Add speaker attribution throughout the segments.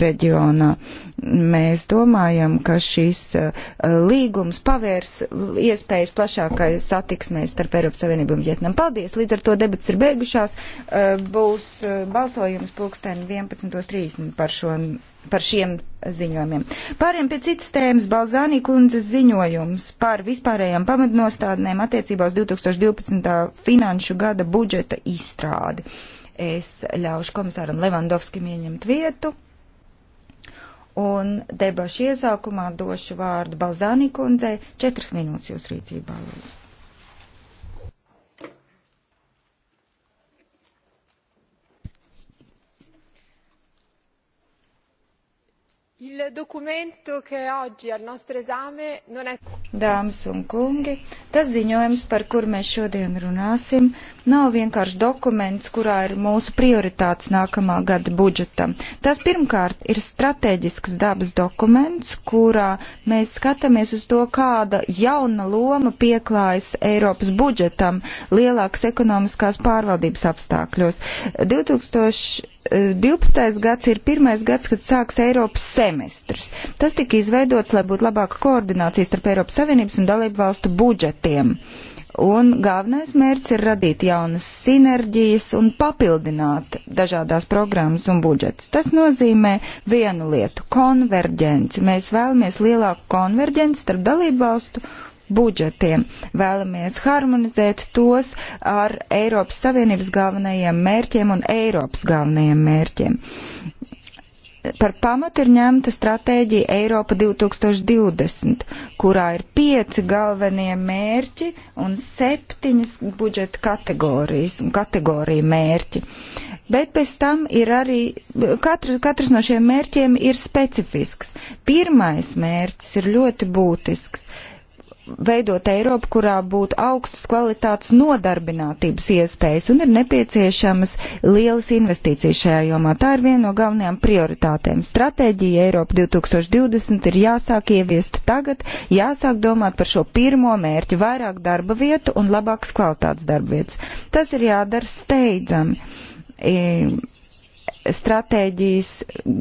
Speaker 1: reģionā. Mēs domājam, ka šis uh, līgums pavērs iespējas plašākai satiksmēs starp Eiropas Savienību un Vietnam. Paldies! Līdz ar to debats ir beigušās. Uh, būs uh, balsojums pulksteni 11.30 par, šo, par šiem ziņojumiem. Pāriem pie citas tēmas Balzānī kundzes ziņojums par vispārējām pamatnostādnēm attiecībā uz 2012. finanšu gada budžeta izstrādi. Es ļaušu komisāram Levandovskim ieņemt vietu. Un debašu iesākumā došu vārdu Balzānī kundzei. Četras minūtes jūs rīcībā lūdzu.
Speaker 2: Il documento che oggi al nostro esame non è.
Speaker 1: Dāmas un kungi, tas ziņojums, par kur mēs šodien runāsim, nav vienkārši dokuments, kurā ir mūsu prioritātes nākamā gada budžetam. Tas pirmkārt ir strateģisks dabas dokuments, kurā mēs skatāmies uz to, kāda jauna loma pieklājas Eiropas budžetam lielākas ekonomiskās pārvaldības apstākļos. 2000 12. gads ir pirmais gads, kad sāks Eiropas semestrs. Tas tika izveidots, lai būtu labāka koordinācija starp Eiropas Savienības un dalību valstu budžetiem. Un galvenais mērķis ir radīt jaunas sinerģijas un papildināt dažādās programmas un budžetus. Tas nozīmē vienu lietu - konverģenci. Mēs vēlamies lielāku konverģenci starp dalību valstu budžetiem. Vēlamies harmonizēt tos ar Eiropas Savienības galvenajiem mērķiem un Eiropas galvenajiem mērķiem. Par pamatu ir ņemta stratēģija Eiropa 2020, kurā ir pieci galvenie mērķi un septiņas budžeta kategorijas un kategorija mērķi. Bet pēc tam ir arī, katru, katrs no šiem mērķiem ir specifisks. Pirmais mērķis ir ļoti būtisks veidot Eiropu, kurā būtu augstas kvalitātes nodarbinātības iespējas un ir nepieciešamas lielas investīcijas šajā jomā. Tā ir viena no galvenajām prioritātēm. Stratēģija Eiropa 2020 ir jāsāk ieviest tagad, jāsāk domāt par šo pirmo mērķu - vairāk darba vietu un labākas kvalitātes darba vietas. Tas ir jādara steidzami. E, stratēģijas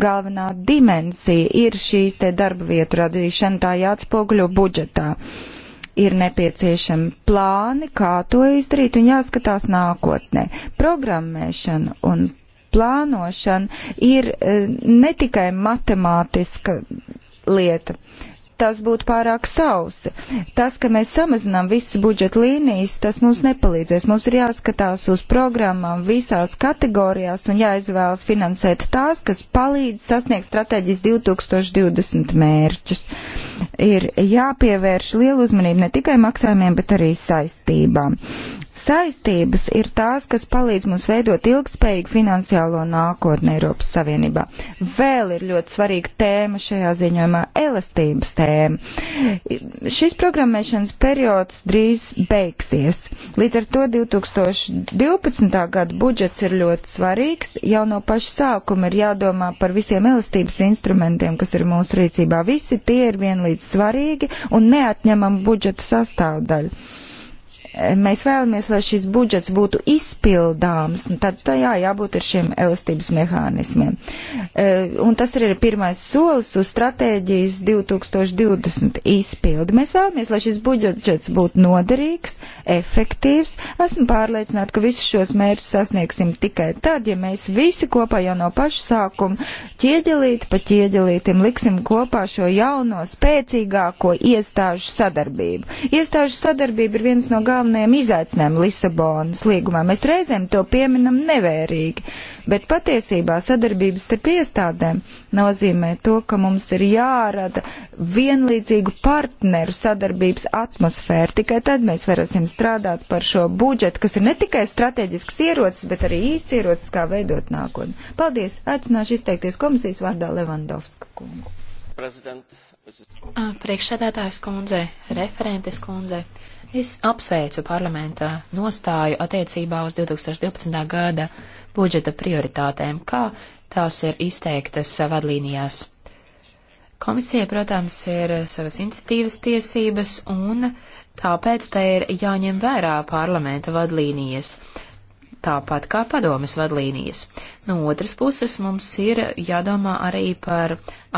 Speaker 1: galvenā dimensija ir šīs te darba vietu radīšana, tā jāatspoguļo budžetā. Uh, ir nepieciešami plāni, kā to izdarīt, un jāskatās nākotnē. Programmēšana un plānošana ir eh, ne tikai matemātiska lieta. Uh, tas būtu pārāk sausi. Tas, ka mēs samazinām visas budžeta līnijas, tas mums nepalīdzēs. Mums ir jāskatās uz programmām visās kategorijās un jāizvēlas finansēt tās, kas palīdz sasniegt strateģijas 2020 mērķus. Ir jāpievērš lielu uzmanību ne tikai maksājumiem, bet arī saistībām. Saistības ir tās, kas palīdz mums veidot ilgspējīgu finansiālo nākotni Eiropas Savienībā. Vēl ir ļoti svarīga tēma šajā ziņojumā - elastības tēma. Šis programmēšanas periods drīz beigsies. Līdz ar to 2012. gada budžets ir ļoti svarīgs. Jau no paša sākuma ir jādomā par visiem elastības instrumentiem, kas ir mūsu rīcībā. Visi tie ir vienlīdz svarīgi un neatņemam budžeta sastāvdaļu. Mēs vēlamies, lai šis budžets būtu izpildāms, un tad tajā jābūt ir šiem elastības mehānismiem. E, un tas ir pirmais solis uz stratēģijas 2020 izpildi. Mēs vēlamies, lai šis budžets būtu noderīgs, efektīvs. Esmu pārliecināta, ka visus šos mērķus sasniegsim tikai tad, ja mēs visi kopā jau no paša sākuma ķieģelīt pa ķieģelītim liksim kopā šo jauno, spēcīgāko iestāžu sadarbību. Iestāžu sadarbība ir viens no galvenajiem galvenajiem izaicinājumiem Lisabonas līgumā. Mēs reizēm to pieminam nevērīgi, bet patiesībā sadarbības starp iestādēm nozīmē to, ka mums ir jārada vienlīdzīgu partneru sadarbības atmosfēru. Tikai tad mēs varēsim strādāt par šo budžetu, kas ir ne tikai strateģisks ierocis, bet arī īsts ierocis, kā veidot nākotni. Paldies! Aicināšu izteikties komisijas vārdā
Speaker 3: Levandovska kungu.
Speaker 1: President.
Speaker 3: Priekšsēdētājs kundze, referentes kundze, Es apsveicu parlamenta nostāju attiecībā uz 2012. gada budžeta prioritātēm, kā tās ir izteiktas vadlīnijās. Komisija, protams, ir savas iniciatīvas tiesības, un tāpēc tai ir jāņem vērā parlamenta vadlīnijas, tāpat kā padomas vadlīnijas. No otras puses, mums ir jādomā arī par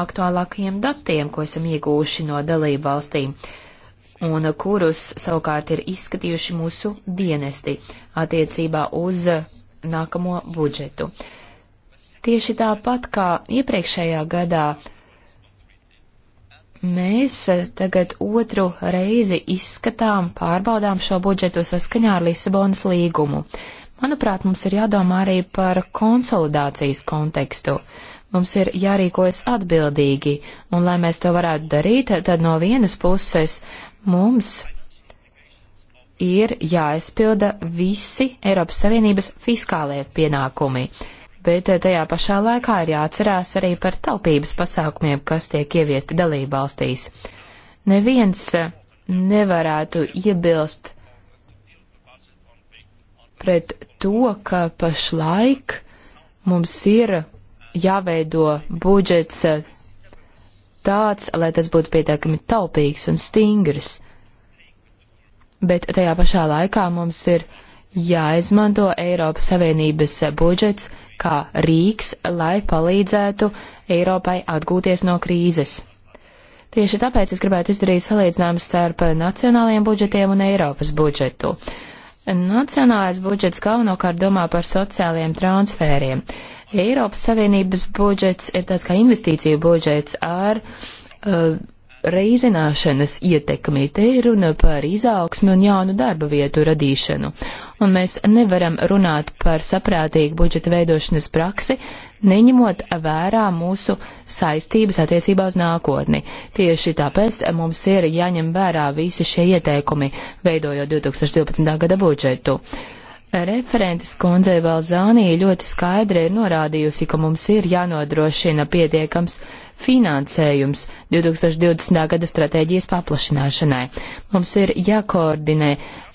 Speaker 3: aktuālākajiem datiem, ko esam iegūši no dalību valstīm un kurus savukārt ir izskatījuši mūsu dienesti attiecībā uz nākamo budžetu. Tieši tāpat kā iepriekšējā gadā mēs tagad otru reizi izskatām, pārbaudām šo budžetu saskaņā ar Lisabonas līgumu. Manuprāt, mums ir jādomā arī par konsolidācijas kontekstu. Mums ir jārīkojas atbildīgi, un lai mēs to varētu darīt, tad no vienas puses mums ir jāizpilda visi Eiropas Savienības fiskālie pienākumi, bet eh, tajā pašā laikā ir jāatcerās arī par taupības pasākumiem, kas tiek ieviesti dalību valstīs. Neviens eh, nevarētu iebilst pret to, ka pašlaik mums ir jāveido budžets eh, tāds, lai tas būtu pietiekami taupīgs un stingrs. Bet tajā pašā laikā mums ir jāizmanto Eiropas Savienības budžets kā rīks, lai palīdzētu Eiropai atgūties no krīzes. Tieši tāpēc es gribētu izdarīt salīdzinājumu starp nacionālajiem budžetiem un Eiropas budžetu. Nacionālais budžets galvenokārt domā par sociālajiem transfēriem. Uh, Eiropas Savienības budžets ir tāds kā investīciju budžets ar uh, reizināšanas ietekmi. Te ir runa par izaugsmi un jaunu darba vietu radīšanu. Un mēs nevaram runāt par saprātīgu budžeta veidošanas praksi, neņemot vērā mūsu saistības attiecībā uz nākotni. Tieši tāpēc mums ir jāņem vērā visi šie ieteikumi, veidojot 2012. gada budžetu. Uh, Referentes kundze Balzānī ļoti skaidri ir norādījusi, ka mums ir jānodrošina pietiekams finansējums 2020. gada stratēģijas paplašināšanai. Mums ir jākoordinē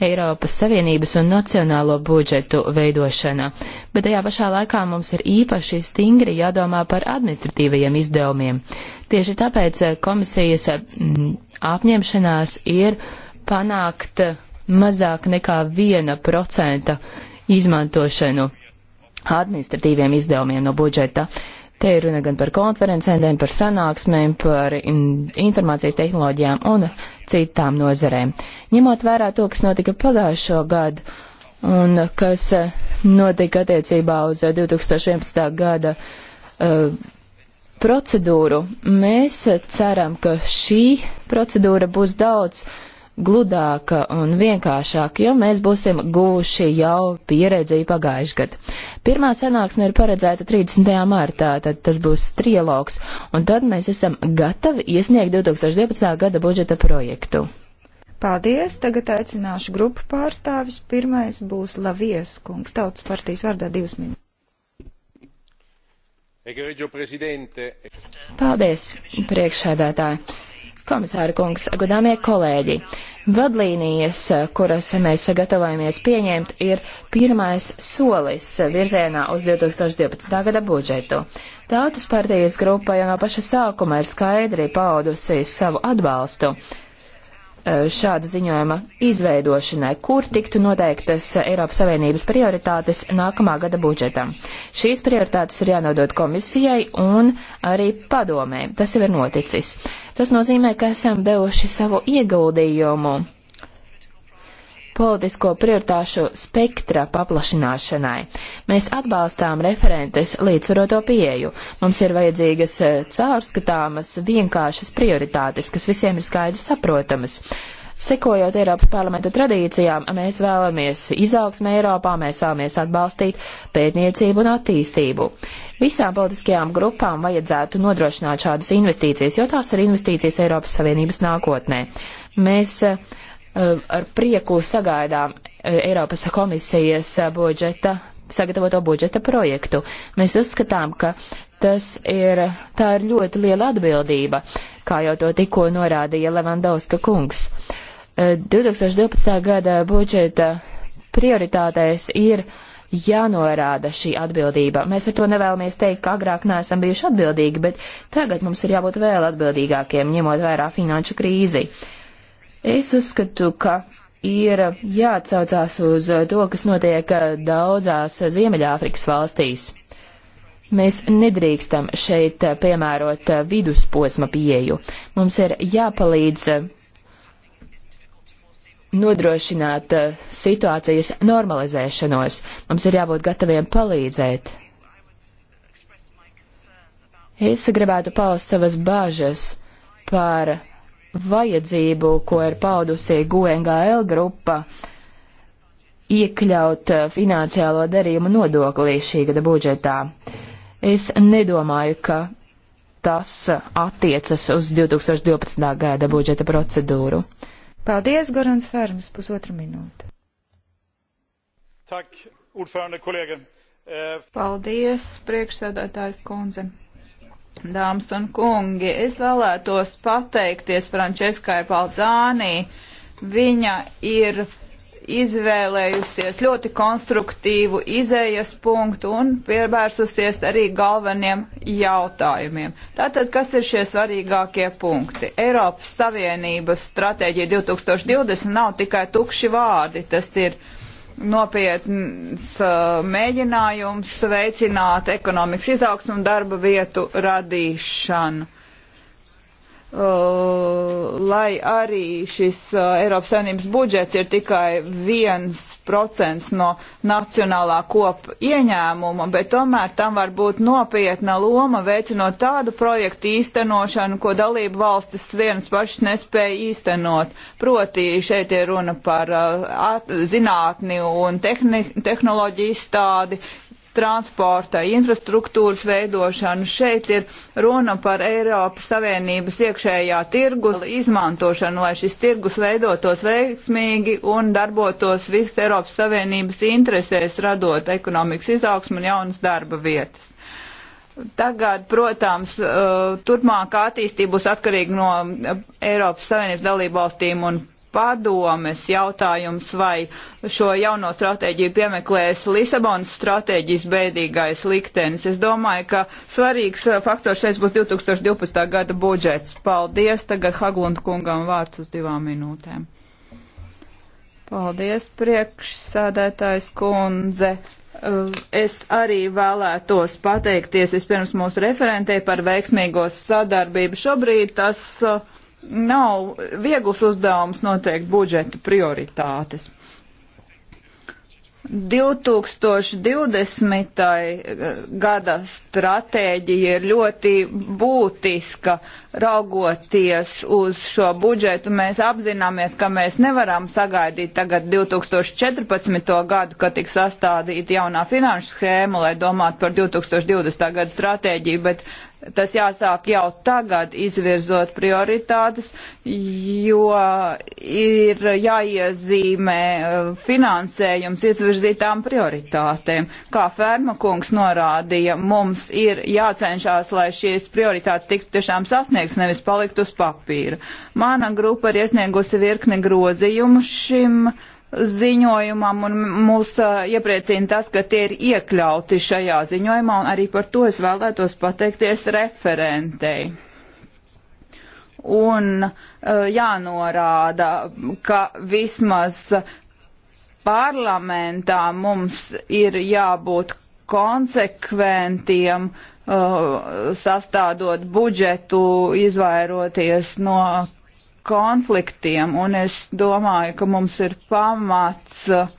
Speaker 3: Eiropas Savienības un nacionālo budžetu veidošana, bet tajā pašā laikā mums ir īpaši stingri jādomā par administratīvajiem izdevumiem. Tieši tāpēc eh, komisijas mm, apņemšanās ir panākt mazāk nekā 1% izmantošanu administratīviem izdevumiem no budžeta. Te ir runa gan par konferencēm, par sanāksmēm, par informācijas tehnoloģijām un citām nozarēm. Ņemot vērā to, kas notika pagājušo gadu un kas eh, notika attiecībā uz 2011. Eh, gada uh, procedūru, mēs ceram, ka šī procedūra būs daudz uh, gludāka un vienkāršāka, jo mēs būsim guvuši jau pieredzi pagājušajā gadā. Pirmā sanāksme ir paredzēta 30. martā, tad tas būs trialogs, un tad mēs esam gatavi iesniegt 2012. gada budžeta projektu.
Speaker 1: Paldies! Tagad aicināšu grupu pārstāvis. Pirmais būs Lavies kungs, tautas
Speaker 3: partijas vārdā divas minūtes. Paldies, priekšsēdētāji! Komisāra kungs, godāmie kolēģi, vadlīnijas, kuras mēs sagatavojamies pieņemt, ir pirmais solis virzienā uz 2012. gada budžetu. Tautas partijas grupa jau no paša sākuma ir skaidri paudusi savu atbalstu Eh, šāda ziņojuma izveidošanai, kur tiktu noteiktas Eiropas Savienības prioritātes nākamā gada budžetam. Šīs prioritātes ir jānodod komisijai un arī padomē. Tas jau ir noticis. Tas nozīmē, ka esam devuši savu ieguldījumu politisko prioritāšu spektra paplašināšanai. Mēs atbalstām referentes līdzsvaroto pieeju. Mums ir vajadzīgas eh, caurskatāmas, vienkāršas prioritātes, kas visiem ir skaidri saprotamas. Sekojot Eiropas parlamenta tradīcijām, mēs vēlamies izaugsmē Eiropā, mēs vēlamies atbalstīt pētniecību un attīstību. Visām politiskajām grupām vajadzētu nodrošināt šādas investīcijas, jo tās ir investīcijas Eiropas Savienības nākotnē. Mēs uh, Eh, ar prieku sagaidām eh, Eiropas komisijas eh, budžeta, sagatavoto budžeta projektu. Mēs uzskatām, ka tas ir, tā ir ļoti liela atbildība, kā jau to tikko norādīja Levandovska kungs. 2012. gada budžeta prioritātēs ir jānorāda šī atbildība. Mēs ar to nevēlamies teikt, ka agrāk neesam bijuši atbildīgi, bet tagad mums ir jābūt vēl atbildīgākiem, ņemot vērā finanšu krīzi. Uh, Es uzskatu, ka ir jāatsaucās uz to, kas notiek daudzās Ziemeļāfrikas valstīs. Mēs nedrīkstam šeit piemērot vidusposma pieju. Mums ir jāpalīdz nodrošināt situācijas normalizēšanos. Mums ir jābūt gataviem palīdzēt. Es gribētu paust savas bāžas par vajadzību, ko ir paudusi GUNGL grupa, iekļaut eh, finansiālo darījumu nodoklī šī gada budžetā. Es nedomāju, ka tas attiecas uz 2012. gada budžeta procedūru. Paldies, Gorans Fermas,
Speaker 2: pusotru minūti. Tak, eh, Paldies, priekšsēdētājs kundze. Dāmas un kungi, es vēlētos pateikties Franceskai Paldzānī. Viņa ir izvēlējusies ļoti konstruktīvu izējas punktu un pievērsusies arī galveniem jautājumiem. Tātad, kas ir šie svarīgākie punkti? Eiropas Savienības stratēģija 2020 nav tikai tukši vārdi, tas ir nopietns uh, mēģinājums veicināt ekonomikas izaugsmu un darba vietu radīšanu. Uh, lai arī šis uh, Eiropas Savienības budžets ir tikai viens procents no nacionālā kopa ieņēmuma, bet tomēr tam var būt nopietna loma veicinot tādu projektu īstenošanu, ko dalību valstis vienas pašas nespēja īstenot. Proti šeit ir runa par uh, at, zinātni un tehni, tehnoloģiju izstādi, transporta infrastruktūras veidošanu. Šeit ir runa par Eiropas Savienības iekšējā tirgus izmantošanu, lai šis tirgus veidotos veiksmīgi un darbotos visas Eiropas Savienības interesēs, radot ekonomikas izaugsmu un jaunas darba vietas. Tagad, protams, uh, turpmākā attīstība būs atkarīga no uh, Eiropas Savienības dalībvalstīm un padomes jautājums, vai šo jauno stratēģiju piemeklēs Lisabonas stratēģijas bēdīgais liktenis. Es domāju, ka svarīgs uh, faktors šeit būs 2012. gada budžets. Paldies, tagad Haglund kungam vārds uz divām minūtēm. Paldies, priekšsādētājs kundze. Uh, es arī vēlētos pateikties vispirms mūsu referentei par veiksmīgo sadarbību. Šobrīd tas uh, nav viegls uzdevums noteikt budžeta prioritātes. 2020. Eh, gada stratēģija ir ļoti būtiska. Raugoties uz šo budžetu, mēs apzināmies, ka mēs nevaram sagaidīt tagad 2014. gadu, kad tiks sastādīta jaunā finanšu schēma, lai domātu par 2020. gada stratēģiju, bet Tas jāsāk jau tagad izvirzot prioritātes, jo ir jāiezīmē uh, finansējums izvirzītām prioritātēm. Kā Ferma kungs norādīja, mums ir jācenšas, lai šīs prioritātes tiktu tiešām sasniegts, nevis palikt uz papīra. Mana grupa ir iesniegusi virkni grozījumu šim uh, ziņojumam, un mūs iepriecina tas, ka tie ir iekļauti šajā ziņojumā, un arī par to es vēlētos pateikties referentei. Un jānorāda, ka vismaz parlamentā mums ir jābūt konsekventiem, sastādot budžetu, izvairoties no konfliktiem, un es domāju, ka mums ir pamats uh,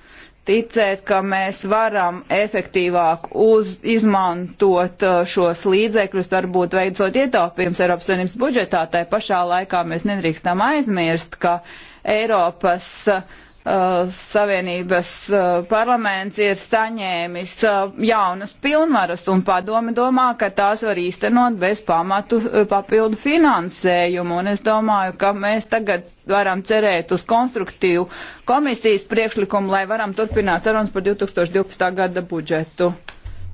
Speaker 2: ticēt, ka mēs varam efektīvāk uz, izmantot uh, šos līdzekļus, varbūt veicot ietaupījums Eiropas Savienības budžetā. Tā pašā laikā mēs nedrīkstam aizmirst, ka Eiropas uh, Uh, Savienības uh, parlaments ir saņēmis uh, jaunas pilnvaras un padomi domā, ka tās var īstenot bez pamatu papildu finansējumu. Un es domāju, ka mēs tagad varam cerēt uz konstruktīvu komisijas priekšlikumu, lai varam turpināt sarunas par 2012. gada budžetu.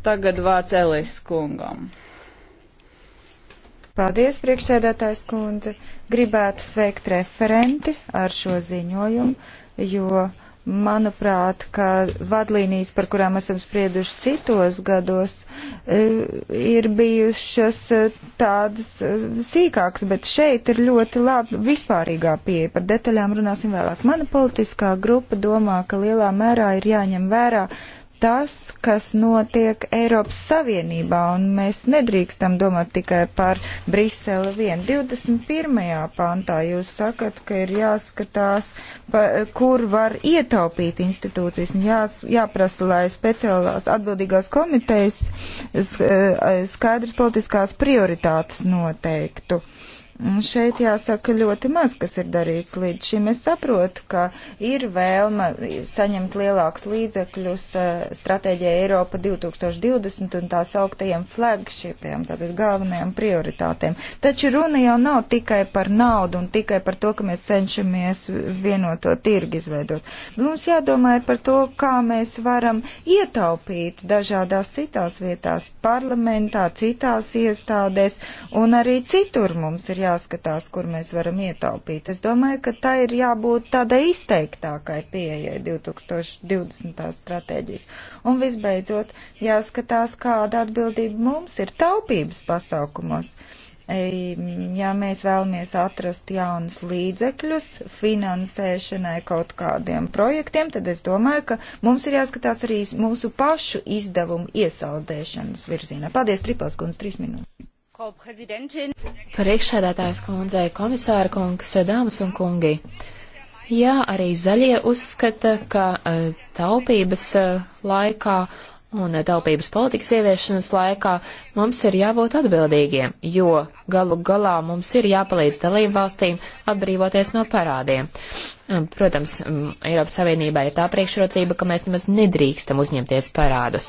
Speaker 2: Tagad vārds Elis kungam.
Speaker 1: Paldies, priekšsēdētājs kundze. Gribētu sveikt referenti ar šo ziņojumu jo manuprāt, ka vadlīnijas, par kurām esam sprieduši citos gados, e, ir bijušas e, tādas e, sīkākas, bet šeit ir ļoti labi vispārīgā pieeja. Par detaļām runāsim vēlāk. Mana politiskā grupa domā, ka lielā mērā ir jāņem vērā tas, kas notiek Eiropas Savienībā, un mēs nedrīkstam domāt tikai par Brisele 1. 21. pantā jūs sakat, ka ir jāskatās, pa, kur var ietaupīt institūcijas, un jās, jāprasa, lai speciālās atbildīgās komitejas eh, skaidrs politiskās prioritātes noteiktu. Uh, Šeit jāsaka ļoti maz, kas ir darīts līdz šim. Es saprotu, ka ir vēlme saņemt lielākus līdzekļus eh, stratēģijai Eiropa 2020 un tās augtajiem flagshipiem, tātad galvenajām prioritātēm. Taču runa jau nav tikai par naudu un tikai par to, ka mēs cenšamies vienoto tirgu izveidot. Mums jādomā ir par to, kā mēs varam ietaupīt dažādās citās vietās, parlamentā, citās iestādēs un arī citur mums ir jādomā jāskatās, kur mēs varam ietaupīt. Es domāju, ka tā ir jābūt tādai izteiktākai pieejai 2020. stratēģijas. Un visbeidzot, jāskatās, kāda atbildība mums ir taupības pasaukumos. Ja mēs vēlamies atrast jaunus līdzekļus finansēšanai kaut kādiem projektiem, tad es domāju, ka mums ir jāskatās arī mūsu pašu
Speaker 3: izdevumu iesaldēšanas virzienā. Paldies, Tripels kundze, trīs minūtes. Priekšsēdētājs kundzei, komisāra kungs, dāmas un kungi. Jā, arī zaļie uzskata, ka e, taupības e, laikā un taupības politikas ieviešanas laikā mums ir jābūt atbildīgiem, jo galu galā mums ir jāpalīdz dalību valstīm atbrīvoties no parādiem. Um, protams, um, Eiropas Savienībā ir tā priekšrocība, ka mēs nemaz nedrīkstam uzņemties parādus.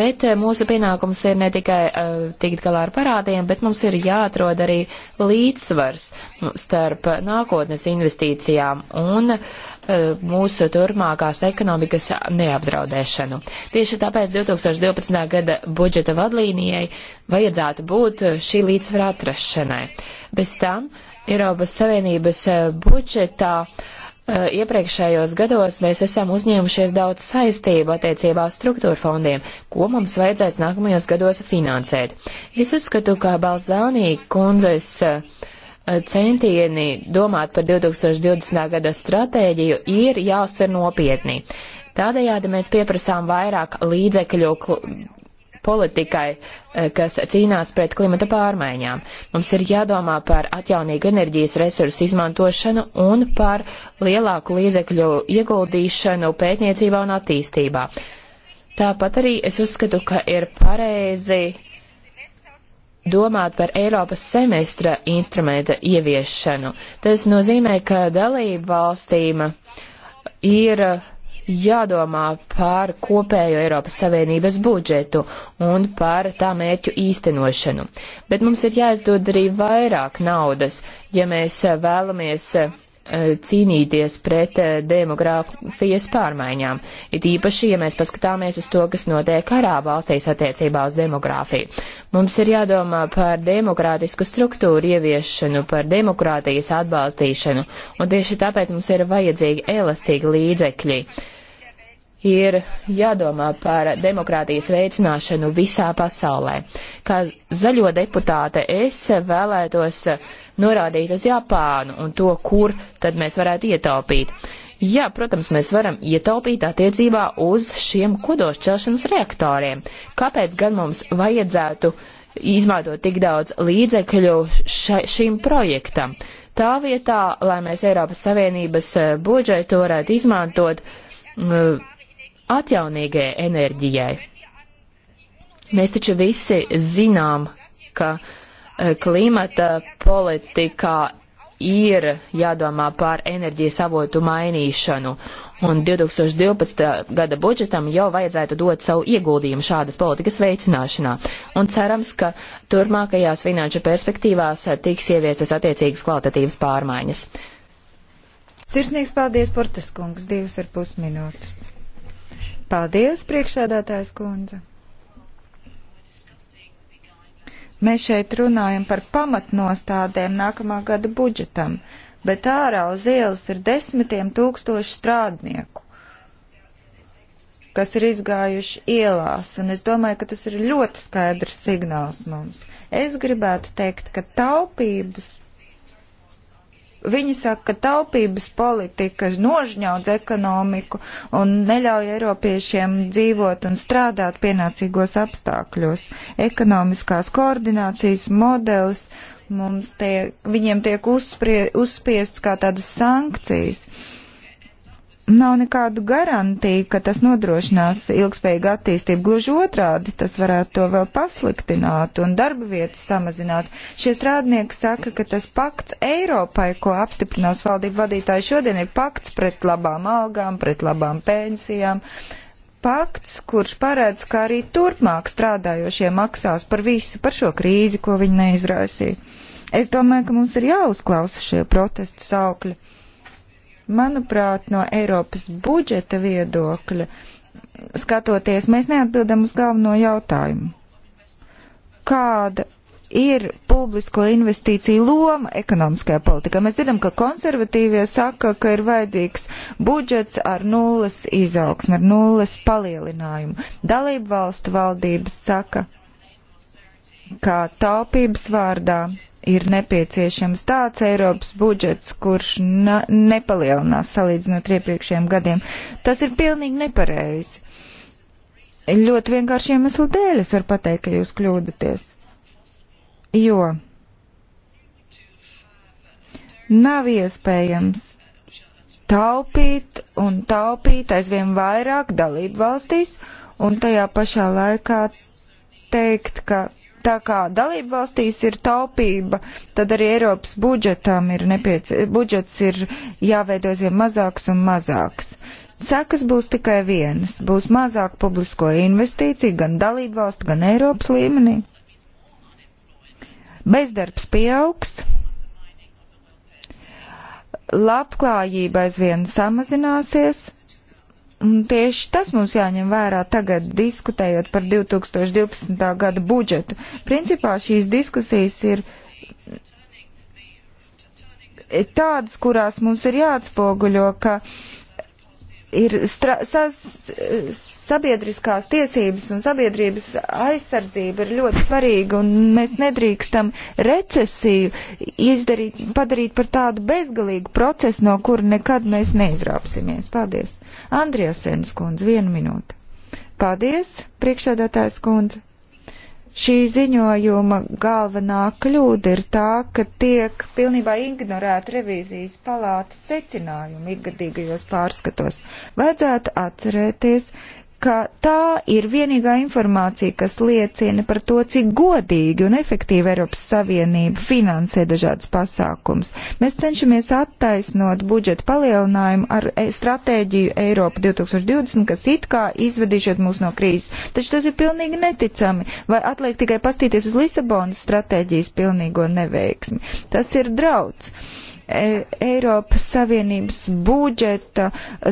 Speaker 3: Bet uh, mūsu pienākums ir ne tikai uh, tikt galā ar parādiem, bet mums ir jāatrod arī līdzsvars nu, starp nākotnes investīcijām un uh, mūsu turpmākās ekonomikas neapdraudēšanu. Tieši tāpēc 2012. gada budžeta vadlīnijai vajadzētu būt uh, šī līdzsvara atrašanai. Bez tam Eiropas Savienības uh, budžetā uh, Eh, iepriekšējos gados mēs esam uzņēmušies daudz saistību attiecībā uz struktūra fondiem, ko mums vajadzēs nākamajos gados finansēt. Es uzskatu, ka Balzānī kundzes eh, centieni domāt par 2020. gada stratēģiju ir jāuztver nopietni. Tādējādi mēs pieprasām vairāk līdzekļu politikai, e, kas cīnās pret klimata pārmaiņām. Mums ir jādomā par atjaunīgu enerģijas resursu izmantošanu un par lielāku līdzekļu ieguldīšanu pētniecībā un attīstībā. Tāpat arī es uzskatu, ka ir pareizi domāt par Eiropas semestra instrumenta ieviešanu. Tas nozīmē, ka dalību valstīm ir jādomā par kopējo Eiropas Savienības budžetu un par tā mērķu īstenošanu. Bet mums ir jāizdod arī vairāk naudas, ja mēs vēlamies Eh, cīnīties pret eh, demogrāfijas pārmaiņām. It īpaši, ja mēs paskatāmies uz to, kas notiek arā valstīs attiecībā uz demogrāfiju. Mums ir jādomā par demokrātisku struktūru ieviešanu, par demokrātijas atbalstīšanu, un tieši tāpēc mums ir vajadzīgi elastīgi līdzekļi. Uh, ir jādomā par demokrātijas veicināšanu visā pasaulē. Kā zaļo deputāte es vēlētos norādīt uz Japānu un to, kur tad mēs varētu ietaupīt. Jā, protams, mēs varam ietaupīt attiecībā uz šiem kodošķelšanas reaktoriem. Kāpēc gan mums vajadzētu izmantot tik daudz līdzekļu ša, šim projektam? Tā vietā, lai mēs Eiropas Savienības eh, budžetu varētu izmantot uh, atjaunīgajai enerģijai. Mēs taču visi zinām, ka eh, klimata politikā ir jādomā par enerģijas avotu mainīšanu, un 2012. gada budžetam jau vajadzētu dot savu ieguldījumu šādas politikas veicināšanā. Un cerams, ka turpmākajās finanšu perspektīvās tiks ieviestas attiecīgas kvalitatīvas pārmaiņas.
Speaker 1: Sirsnīgs paldies, Portas kungs, divas ar pus minūtes. Paldies, priekšsēdētājs kundze. Mēs šeit runājam par pamatnostādēm nākamā gada budžetam, bet ārā uz ielas ir desmitiem tūkstoši strādnieku, kas ir izgājuši ielās, un es domāju, ka tas ir ļoti skaidrs signāls mums. Es gribētu teikt, ka taupības Viņi saka, ka taupības politika nožņaudz ekonomiku un neļauj Eiropiešiem dzīvot un strādāt pienācīgos apstākļos. Ekonomiskās koordinācijas modelis mums tiek, viņiem tiek uzsprie, uzspiests kā tādas sankcijas. Uh, nav nekādu garantiju, ka tas nodrošinās ilgspējīgu attīstību. Gluži otrādi, tas varētu to vēl pasliktināt un darba vietas samazināt. Šie strādnieki saka, ka tas pakts Eiropai, ko apstiprinās valdību vadītāji šodien, ir pakts pret labām algām, pret labām pensijām. Pakts, kurš paredz, ka arī turpmāk strādājošie maksās par visu, par šo krīzi, ko viņi neizraisīja. Es domāju, ka mums ir jāuzklausa šie protestu saukļi Manuprāt, no Eiropas budžeta viedokļa skatoties, mēs neatbildam uz galveno jautājumu. Kāda ir publisko investīciju loma ekonomiskajā politikā. Mēs zinām, ka konservatīvie saka, ka ir vajadzīgs budžets ar nulles izaugsmu, ar nulles palielinājumu. Dalību valstu valdības saka, ka taupības vārdā ir nepieciešams tāds Eiropas budžets, kurš nepalielinās salīdzinot iepriekšējiem gadiem. Tas ir pilnīgi nepareizi. Ļoti vienkārši iemeslu dēļ es varu pateikt, ka jūs kļūdaties. Jo nav iespējams taupīt un taupīt aizvien vairāk dalību valstīs un tajā pašā laikā teikt, ka Tā kā dalību valstīs ir taupība, tad arī Eiropas budžetam ir nepieciešams, budžets ir jāveido aizvien mazāks un mazāks. Sekas būs tikai vienas - būs mazāk publisko investīciju gan dalību valstu, gan Eiropas līmenī. Bezdarbs pieaugs, labklājība aizvien samazināsies, Tieši tas mums jāņem vērā tagad, diskutējot par 2012. gada budžetu. Principā šīs diskusijas ir tādas, kurās mums ir jāatspoguļo, ka ir stra sas Sabiedriskās tiesības un sabiedrības aizsardzība ir ļoti svarīga, un mēs nedrīkstam recesiju izdarīt, padarīt par tādu bezgalīgu procesu, no kura nekad mēs neizrāpsimies. Paldies! Andriasens kundze, vienu minūti. Paldies, priekšsēdētājs kundze! šī ziņojuma galvenā kļūda ir tā, ka tiek pilnībā ignorēta revīzijas palātas secinājumi ikgadīgajos pārskatos. Vajadzētu atcerēties, ka tā ir vienīgā informācija, kas liecina par to, cik godīgi un efektīvi Eiropas Savienība finansē dažādas pasākums. Mēs cenšamies attaisnot budžeta palielinājumu ar e, stratēģiju Eiropa 2020, kas it kā izvedīšot mūs no krīzes. Taču tas ir pilnīgi neticami, vai atliek tikai pastīties uz Lisabonas stratēģijas pilnīgo neveiksmi. Tas ir drauds. E, Eiropas Savienības budžeta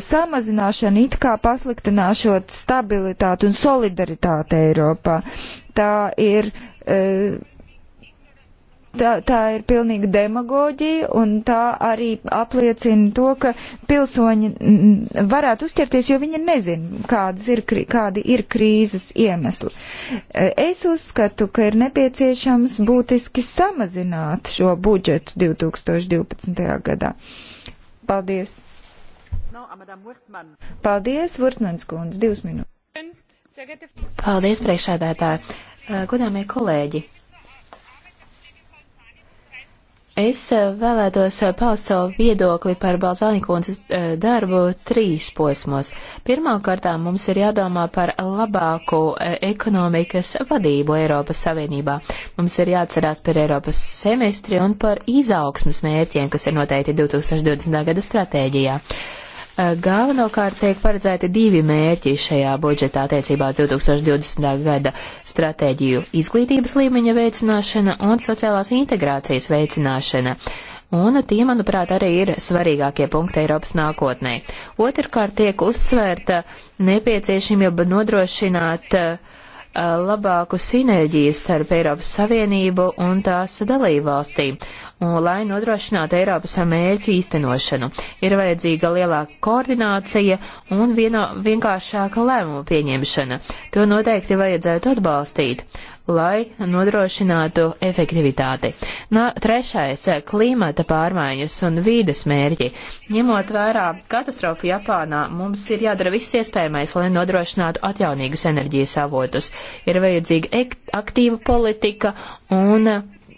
Speaker 1: samazināšana it kā pasliktināšot stabilitāti un solidaritāti Eiropā. Tā ir. Uh, tā, tā ir pilnīga demagoģija, un tā arī apliecina to, ka pilsoņi varētu uzķerties, jo viņi nezina, kādas ir, kādi ir krīzes iemesli. E, es uzskatu, ka ir nepieciešams būtiski samazināt šo budžetu 2012. gadā. Paldies! Paldies, Vurtmans kundze, divas minūtes.
Speaker 2: Paldies,
Speaker 3: priekšādētāji. E, godāmie kolēģi, Es eh, vēlētos eh, paust savu viedokli par Balzānikundzes eh, darbu trīs posmos. Pirmkārt, mums ir jādomā par labāku ekonomikas vadību Eiropas Savienībā. Mums ir jāatcerās par Eiropas semestri un par izaugsmas mērķiem, kas ir noteikti 2020. gada stratēģijā. Eh, galvenokārt tiek paredzēti divi mērķi šajā budžetā attiecībā uz 2020. gada stratēģiju - izglītības līmeņa veicināšana un sociālās integrācijas veicināšana. Un tie, manuprāt, arī ir svarīgākie punkti Eiropas nākotnē. Otrkārt tiek uzsvērta nepieciešamība nodrošināt uh, Uh, labāku sinerģiju starp Eiropas Savienību un tās dalībvalstīm, un, lai nodrošinātu Eiropas mērķu īstenošanu. Ir vajadzīga lielāka koordinācija un vieno, vienkāršāka lēmumu pieņemšana. To noteikti vajadzētu atbalstīt lai nodrošinātu efektivitāti. Nā, trešais - klimata pārmaiņas un vīdes mērķi. Ņemot vērā katastrofu Japānā, mums ir jādara viss iespējamais, lai nodrošinātu atjaunīgus enerģijas avotus. Ir vajadzīga aktīva politika un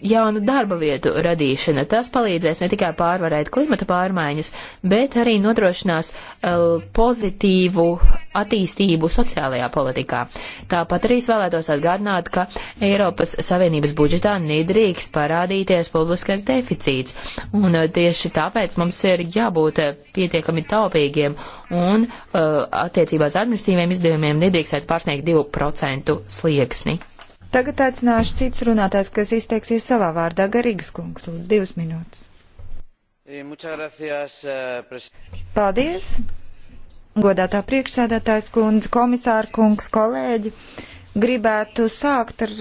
Speaker 3: jaunu darba vietu radīšana. Tas palīdzēs ne tikai pārvarēt klimata pārmaiņas, bet arī nodrošinās eh, pozitīvu attīstību sociālajā politikā. Tāpat arī es vēlētos atgādināt, ka Eiropas Savienības budžetā nedrīkst parādīties publiskais deficīts, un eh, tieši tāpēc mums ir jābūt eh, pietiekami taupīgiem un attiecībās administrīviem izdevumiem nedrīkstētu pārsniegt 2% slieksni.
Speaker 1: Tagad aicināšu cits runātājs, kas izteiksies savā vārdā. Garīgas kungs, lūdzu, divas minūtes.
Speaker 2: Eh, eh,
Speaker 1: Paldies! Godātā priekšsēdētājs kundze, komisāra kungs, kolēģi, gribētu sākt ar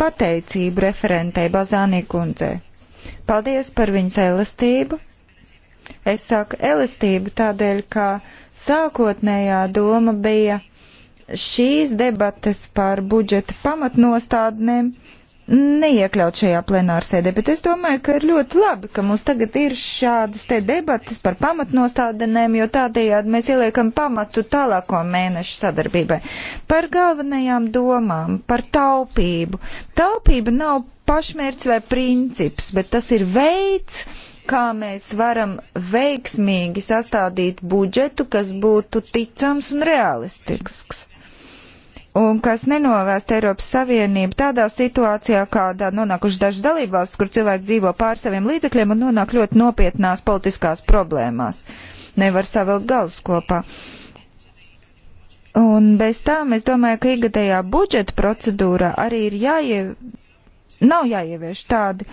Speaker 1: pateicību referentei Bazānī kundzei. Paldies par viņas elastību. Es saku elastību tādēļ, ka sākotnējā doma bija šīs debates par budžeta pamatnostādnēm neiekļaut šajā plenārsēdē, bet es domāju, ka ir ļoti labi, ka mums tagad ir šādas te debatas par pamatnostādnēm, jo tādējādi mēs ieliekam pamatu tālāko mēnešu sadarbībai. Par galvenajām domām, par taupību. Taupība nav pašmērķis vai princips, bet tas ir veids, kā mēs varam veiksmīgi sastādīt budžetu, kas būtu ticams un realistisks un kas nenovēst Eiropas Savienību tādā situācijā, kādā nonākuši daži dalībvalsts, kur cilvēki dzīvo pār saviem līdzekļiem un nonāk ļoti nopietnās politiskās problēmās. Nevar savilkt galus kopā. Un bez tām es domāju, ka ikgadējā budžeta procedūra arī ir jāie... nav jāievieš tādi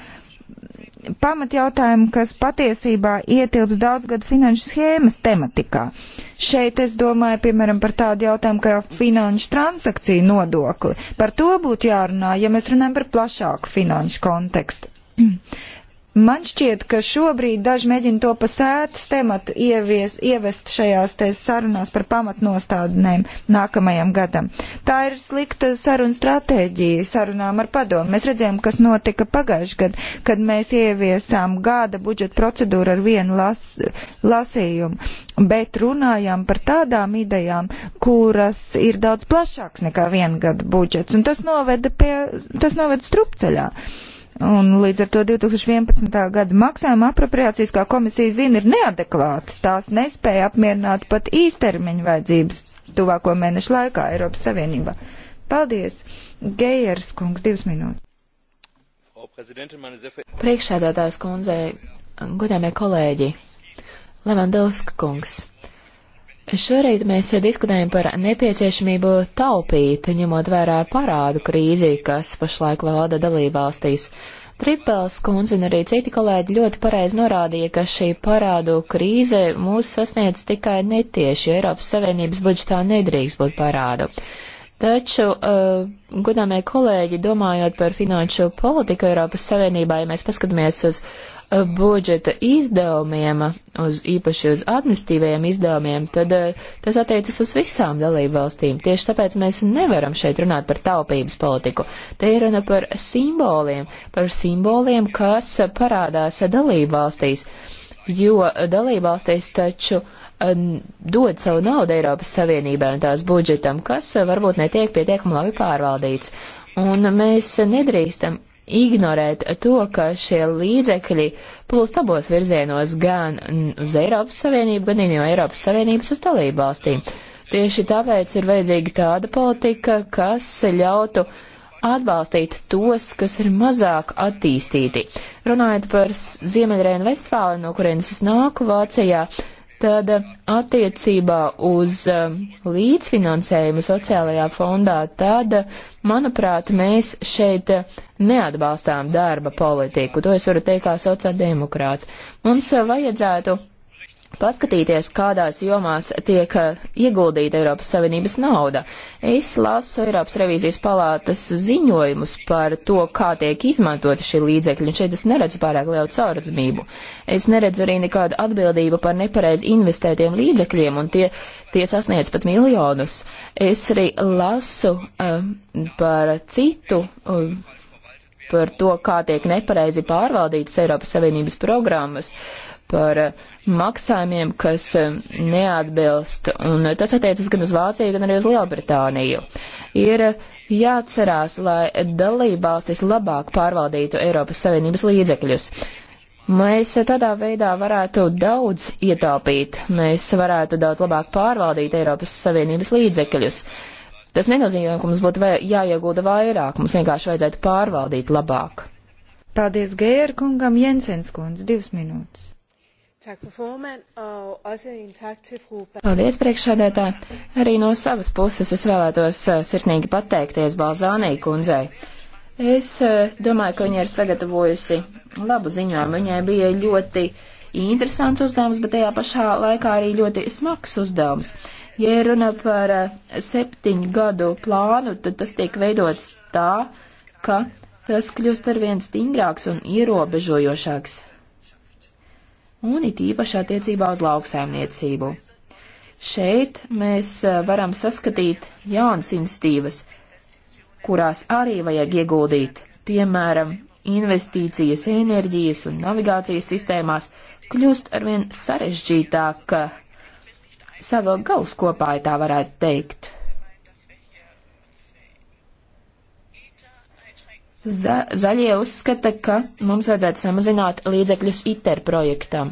Speaker 1: pamatjautājumu, kas patiesībā ietilps daudzgadu finanšu schēmas tematikā. Šeit es domāju, piemēram, par tādu jautājumu kā finanšu transakciju nodokli. Par to būtu jārunā, ja mēs runājam par plašāku finanšu kontekstu. Man šķiet, ka šobrīd daži mēģina to pa sētas tematu ievies, ievest šajās te sarunās par pamatnostādnēm nākamajam gadam. Tā ir slikta saruna stratēģija sarunām ar padomu. Mēs redzējām, kas notika pagājuši gadu, kad mēs ieviesām gada budžeta procedūru ar vienu las, lasījumu, bet runājām par tādām idejām, kuras ir daudz plašāks nekā viena gada budžets, un tas noveda, pie, tas noveda strupceļā. Uh, Un līdz ar to 2011. gada maksājuma apropriācijas, kā komisija zina, ir neadekvātas. Tās nespēja apmierināt pat īstermiņu vajadzības tuvāko mēnešu laikā Eiropas Savienībā. Paldies!
Speaker 3: Gejers kungs, divas minūtes. Priekšsēdētājs kundzei, godāmie kolēģi, Levandovska kungs. Šorīt mēs diskutējam par nepieciešamību taupīt, ņemot vērā parādu krīzi, kas pašlaik valda dalībvalstīs. Tripels kundze un arī citi kolēģi ļoti pareizi norādīja, ka šī parādu krīze mūs sasniedz tikai netieši, jo Eiropas Savienības budžetā nedrīkst būt parādu. Uh, Taču, uh, godāmie kolēģi, domājot par finanšu politiku Eiropas Savienībā, ja mēs paskatāmies uz uh, budžeta izdevumiem, uz īpaši uz administīvajiem izdevumiem, tad uh, tas attiecas uz visām dalību valstīm. Tieši tāpēc mēs nevaram šeit runāt par taupības politiku. Te ir runa par simboliem, par simboliem, kas parādās dalību valstīs, jo dalību valstīs taču uh, dod savu naudu Eiropas Savienībai un tās budžetam, kas eh, varbūt netiek pietiekami labi pārvaldīts. Un mēs nedrīkstam ignorēt to, ka šie līdzekļi plūst abos virzienos gan uz Eiropas Savienību, gan no Eiropas Savienības uz dalību valstīm. Tieši tāpēc ir vajadzīga tāda politika, kas ļautu atbalstīt tos, kas ir mazāk attīstīti. Runājot par Ziemeļrēnu Vestfāli, no kurienes es nāku Vācijā, uh, tad eh, attiecībā uz eh, līdzfinansējumu sociālajā fondā, tad, eh, manuprāt, mēs šeit neatbalstām darba politiku. To es varu teikt kā sociāldemokrāts. Mums vajadzētu paskatīties, kādās jomās tiek eh, ieguldīta Eiropas Savienības nauda. Es lasu Eiropas revīzijas palātas ziņojumus par to, kā tiek izmantoti šie līdzekļi, un šeit es neredzu pārāk lielu caurredzamību. Es neredzu arī nekādu atbildību par nepareizi investētiem līdzekļiem, un tie, tie sasniedz pat miljonus. Es arī lasu uh, par citu. Uh, par to, kā tiek nepareizi pārvaldītas Eiropas Savienības programmas, uh, par eh, maksājumiem, kas eh, neatbilst, un eh, tas attiecas gan uz Vāciju, gan arī uz Lielbritāniju. Ir jāatcerās, lai dalībvalstis labāk pārvaldītu Eiropas Savienības līdzekļus. Mēs tādā veidā varētu daudz ietaupīt, mēs varētu daudz labāk pārvaldīt Eiropas Savienības līdzekļus. Tas nenozīmē, ka mums būtu vai jāiegulda vairāk, mums vienkārši vajadzētu pārvaldīt labāk.
Speaker 1: Paldies Gēra kungam
Speaker 3: Jensens kundze, divas minūtes.
Speaker 2: Paldies,
Speaker 3: priekšsēdētāji! Arī no savas puses es vēlētos eh, sirsnīgi pateikties Balzānī kundzei. Es eh, domāju, ka viņa ir sagatavojusi labu ziņojumu. Viņai bija ļoti interesants uzdevums, bet tajā pašā laikā arī ļoti smags uzdevums. Ja runa par eh, septiņu gadu plānu, tad tas tiek veidots tā, ka tas kļūst arvien stingrāks un ierobežojošāks un it īpaši attiecībā uz lauksaimniecību. Šeit mēs varam saskatīt jaunas institīvas, kurās arī vajag ieguldīt, piemēram, investīcijas enerģijas un navigācijas sistēmās kļūst arvien sarežģītāk sava galskopā, ja tā varētu teikt. Za zaļie uzskata, ka mums vajadzētu samazināt līdzekļus ITER projektam.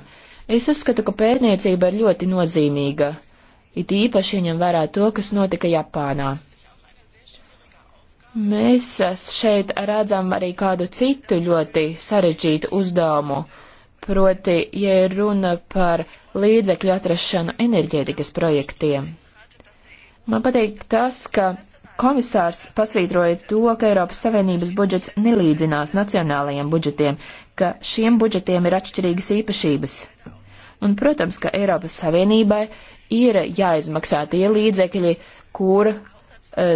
Speaker 3: Es uzskatu, ka pētniecība ir ļoti nozīmīga, it īpaši ņem vērā to, kas notika Japānā. Mēs šeit redzam arī kādu citu ļoti sarežģītu uzdevumu, proti, ja ir runa par līdzekļu atrašanu enerģētikas projektiem. Man patīk tas, ka Komisārs pasvītroja to, ka Eiropas Savienības budžets nelīdzinās nacionālajiem budžetiem, ka šiem budžetiem ir atšķirīgas īpašības. Un, protams, ka Eiropas Savienībai ir jāizmaksā tie līdzekļi, kur, e,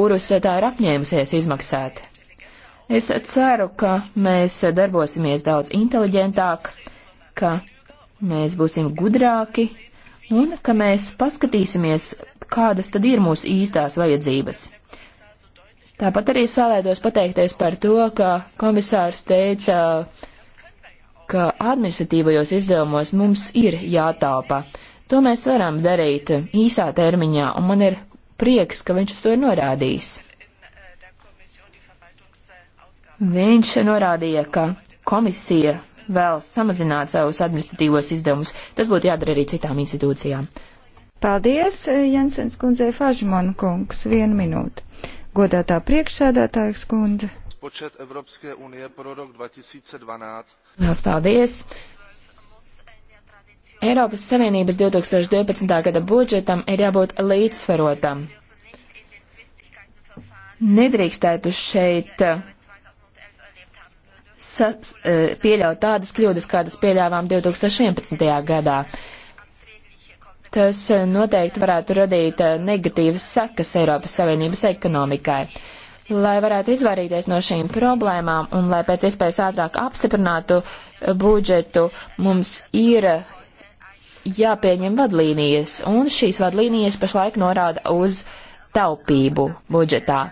Speaker 3: kurus tā ir apņēmusies izmaksāt. Es ceru, ka mēs darbosimies daudz inteliģentāk, ka mēs būsim gudrāki un ka mēs paskatīsimies, kādas tad ir mūsu īstās vajadzības. Tāpat arī es vēlētos pateikties par to, ka komisārs teica, ka administratīvajos izdevumos mums ir jātāpa. To mēs varam darīt īsā termiņā, un man ir prieks, ka viņš uz to ir norādījis. Viņš norādīja, ka komisija vēlas samazināt savus administratīvos izdevumus. Tas būtu jādara arī citām institūcijām.
Speaker 1: Paldies, eh, Jansens kundze, Fažmon kungs, vienu minūti.
Speaker 3: Godātā priekšsēdētājas kundze. Počet Evropské unie pro rok 2012. Lielas paldies! Eiropas Savienības 2012. gada budžetam ir jābūt līdzsvarotam. Nedrīkstētu šeit eh, sas, e, pieļaut tādas kļūdas, kādas pieļāvām 2011. gadā. Tas e, noteikti varētu radīt e, negatīvas sekas Eiropas Savienības ekonomikai. Lai varētu izvairīties no šīm problēmām un lai pēc iespējas ātrāk apstiprinātu budžetu, mums ir jāpieņem vadlīnijas, un šīs vadlīnijas pašlaik norāda uz taupību budžetā.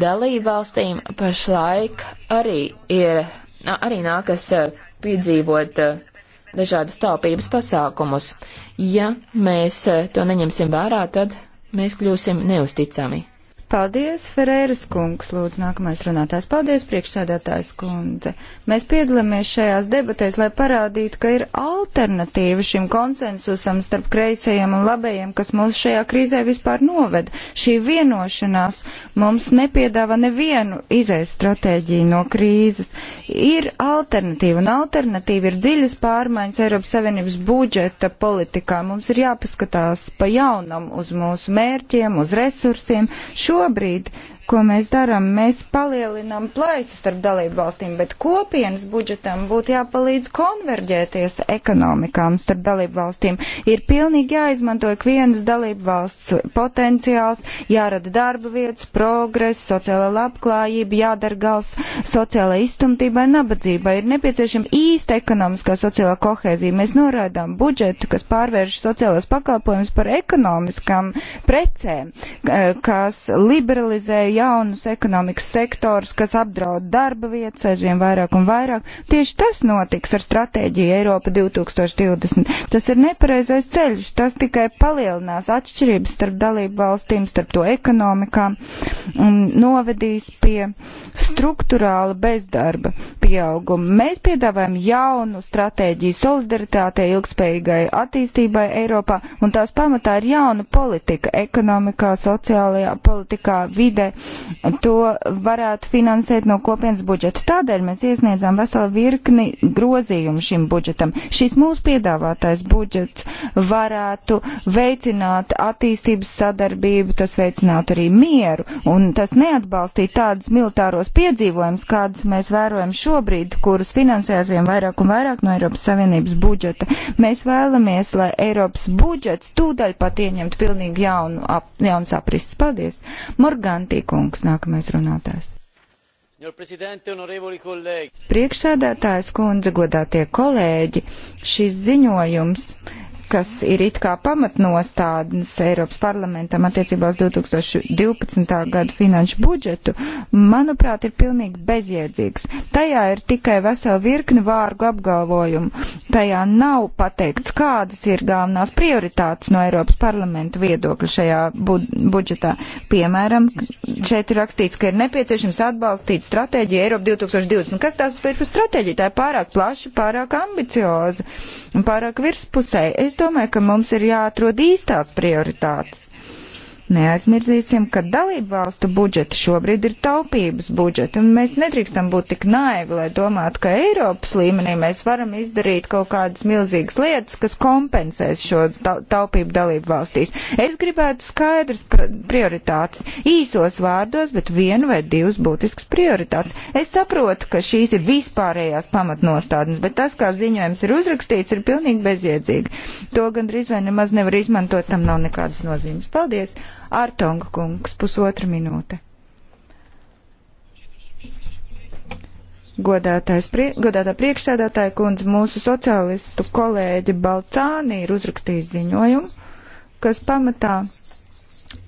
Speaker 3: Dalībvalstīm pašlaik arī ir, arī nākas eh, piedzīvot eh, dažādus taupības pasākumus. Ja mēs eh, to neņemsim vērā, tad mēs kļūsim neusticami. Paldies,
Speaker 1: Ferēras kungs, lūdzu, nākamais runātājs. Paldies, priekšsēdētājs kundze. Mēs piedalāmies šajās debatēs, lai parādītu, ka ir alternatīva šim konsensusam starp kreisajiem un labējiem, kas mūs šajā krīzē vispār noved. Šī vienošanās mums nepiedāvā nevienu izējas stratēģiju no krīzes. Ir alternatīva, un alternatīva ir dziļas pārmaiņas Eiropas Savienības budžeta politikā. Mums ir jāpaskatās pa jaunam uz mūsu mērķiem, uz resursiem. Šo šobrīd ko mēs darām. Mēs palielinām plaisu starp dalību valstīm, bet kopienas budžetam būtu jāpalīdz konverģēties ekonomikām starp dalību valstīm. Ir pilnīgi jāizmanto ik vienas dalību valsts potenciāls, jārada darba vietas, progress, sociāla labklājība, jādara gals sociālai iztumtībai, nabadzībai. Ir nepieciešama īsta ekonomiskā sociālā kohēzija. Mēs norādām budžetu, kas pārvērš sociālos pakalpojumus par ekonomiskām precēm, kas liberalizēja jaunus ekonomikas sektorus, kas apdraud darba vietas aizvien vairāk un vairāk. Tieši tas notiks ar stratēģiju Eiropa 2020. Tas ir nepareizais ceļš, tas tikai palielinās atšķirības starp dalību valstīm, starp to ekonomikām un novedīs pie struktūrāla bezdarba pieauguma. Mēs piedāvājam jaunu stratēģiju solidaritātei, ilgspējīgai attīstībai Eiropā, un tās pamatā ir jauna politika ekonomikā, sociālajā politikā, vide, to varētu finansēt no kopienas budžeta. Tādēļ mēs iesniedzām veselu virkni grozījumu šim budžetam. Šis mūsu piedāvātais budžets varētu veicināt attīstības sadarbību, tas veicinātu arī mieru, un tas neatbalstītu tādus militāros piedzīvojumus, kādus mēs vērojam šobrīd, kurus finansē aizvien vairāk un vairāk no Eiropas Savienības budžeta. Mēs vēlamies, lai Eiropas budžets tūdaļ pat ieņemtu pilnīgi jaunu, ap, jaunas apristas. Paldies! Morgantīk kungs, nākamais runātājs. Priekšsēdētājs kundze, godātie kolēģi, šis ziņojums kas ir it kā pamatnostādnes Eiropas parlamentam attiecībā uz 2012. gadu finanšu budžetu, manuprāt, ir pilnīgi bezjēdzīgs. Tajā ir tikai vesela virkni vārgu apgalvojumu. Tajā nav pateikts, kādas ir galvenās prioritātes no Eiropas parlamenta viedokļa šajā bu budžetā. Piemēram, šeit ir rakstīts, ka ir nepieciešams atbalstīt stratēģiju Eiropa 2020. Kas tās ir par stratēģiju? Tā ir pārāk plaša, pārāk ambicioza un pārāk virspusēja. Es domāju, ka mums ir jāatrod īstās prioritātes. Neaizmirsīsim, ka dalību valstu budžeti šobrīd ir taupības budžeti, un mēs nedrīkstam būt tik naivi, lai domātu, ka Eiropas līmenī mēs varam izdarīt kaut kādas milzīgas lietas, kas kompensēs šo ta taupību dalību valstīs. Es gribētu skaidrs prioritātes īsos vārdos, bet vienu vai divas būtiskas prioritātes. Es saprotu, ka šīs ir vispārējās pamatnostādnes, bet tas, kā ziņojums ir uzrakstīts, ir pilnīgi bezjēdzīgi. To gandrīz vai nemaz nevar izmantot, tam nav nekādas nozīmes. Paldies! Artonga kungs, pusotra minūte. Godātais, prie, godātā priekšsēdētāja kundze, mūsu sociālistu kolēģi Balcāni ir uzrakstījis ziņojumu, kas pamatā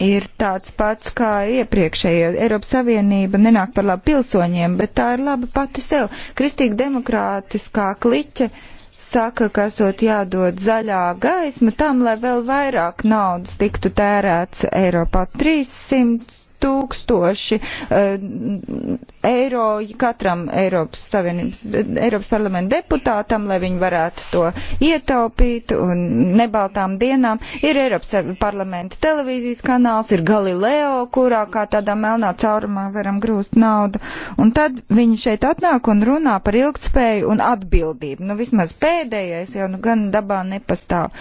Speaker 1: ir tāds pats kā iepriekšējie. Eiropas Savienība nenāk par labu pilsoņiem, bet tā ir laba pati sev. Kristīgi demokrātiskā kliķe uh, saka, ka esot jādod zaļā gaisma tam, lai vēl vairāk naudas tiktu tērēts Eiropā 300 tūkstoši eh, eiro katram Eiropas Savienības, Eiropas parlamenta deputātam, lai viņi varētu to ietaupīt un nebaltām dienām. Ir Eiropas parlamenta televīzijas kanāls, ir Galileo, kurā kā tādā melnā caurumā varam grūst naudu. Un tad viņi šeit atnāk un runā par ilgtspēju un atbildību. Nu, vismaz pēdējais jau nu, gan dabā nepastāv.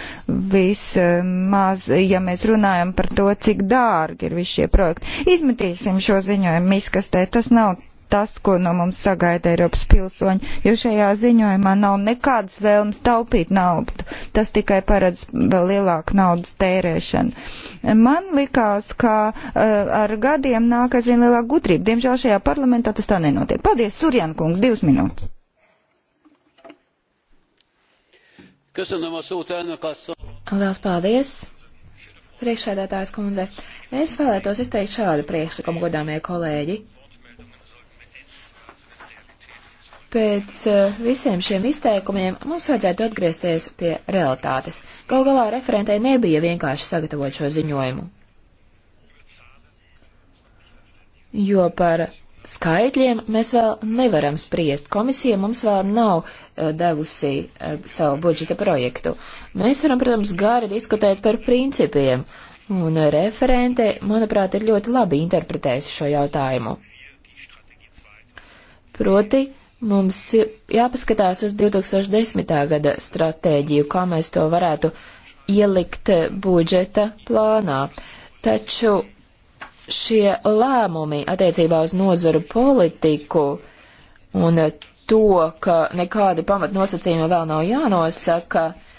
Speaker 1: Vismaz, ja mēs runājam par to, cik dārgi ir visi šie projekti. Izmetīsim šo ziņojumu miskastē. Tas nav tas, ko no mums sagaida Eiropas pilsoņi, jo šajā ziņojumā nav nekādas vēlmes taupīt naudu. Tas tikai paredz vēl lielāku naudas tērēšanu. Man likās, ka uh, ar gadiem nāk aizvien lielāka gudrība. Diemžēl šajā parlamentā tas tā nenotiek. Paldies, Surjan kungs, divas minūtes.
Speaker 2: Köszönöm a szót, elnök asszony!
Speaker 3: Liels paldies, priekšsēdētājs kundze. Es vēlētos izteikt šādu priekšlikumu, godāmie kolēģi. Pēc eh, visiem šiem izteikumiem mums vajadzētu atgriezties pie realitātes. Gal galā referentei nebija vienkārši sagatavot šo ziņojumu. Jo par skaitļiem mēs vēl nevaram spriest. Komisija mums vēl nav uh, devusi uh, savu budžeta projektu. Mēs varam, protams, gari diskutēt par principiem Un referente, manuprāt, ir ļoti labi interpretējusi šo jautājumu. Proti, mums ir jāpaskatās uz 2010. gada stratēģiju, kā mēs to varētu ielikt budžeta plānā. Taču šie lēmumi attiecībā uz nozaru politiku un to, ka nekādi pamatnosacījumi vēl nav jānosaka, uh,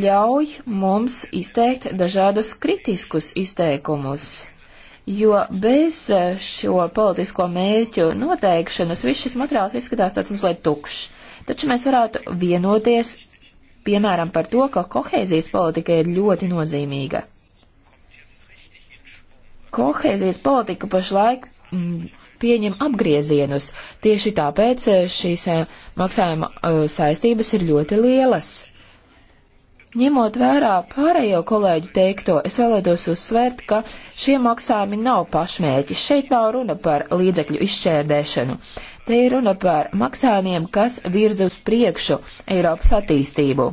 Speaker 3: ļauj mums izteikt dažādus kritiskus izteikumus, jo bez e, šo politisko mērķu noteikšanas viss šis materiāls izskatās tāds mazliet tukšs. Taču mēs varētu vienoties, piemēram, par to, ka kohēzijas politika ir ļoti nozīmīga. Kohēzijas politika pašlaik mm, pieņem apgriezienus. Tieši tāpēc e, šīs e, maksājuma saistības ir ļoti lielas. Ņemot vērā pārējo kolēģu teikto, es vēlētos uzsvērt, ka šie maksājumi nav pašmērķi. Šeit nav runa par līdzekļu izšķērdēšanu. Te ir runa par maksājumiem, kas virza uz priekšu Eiropas attīstību.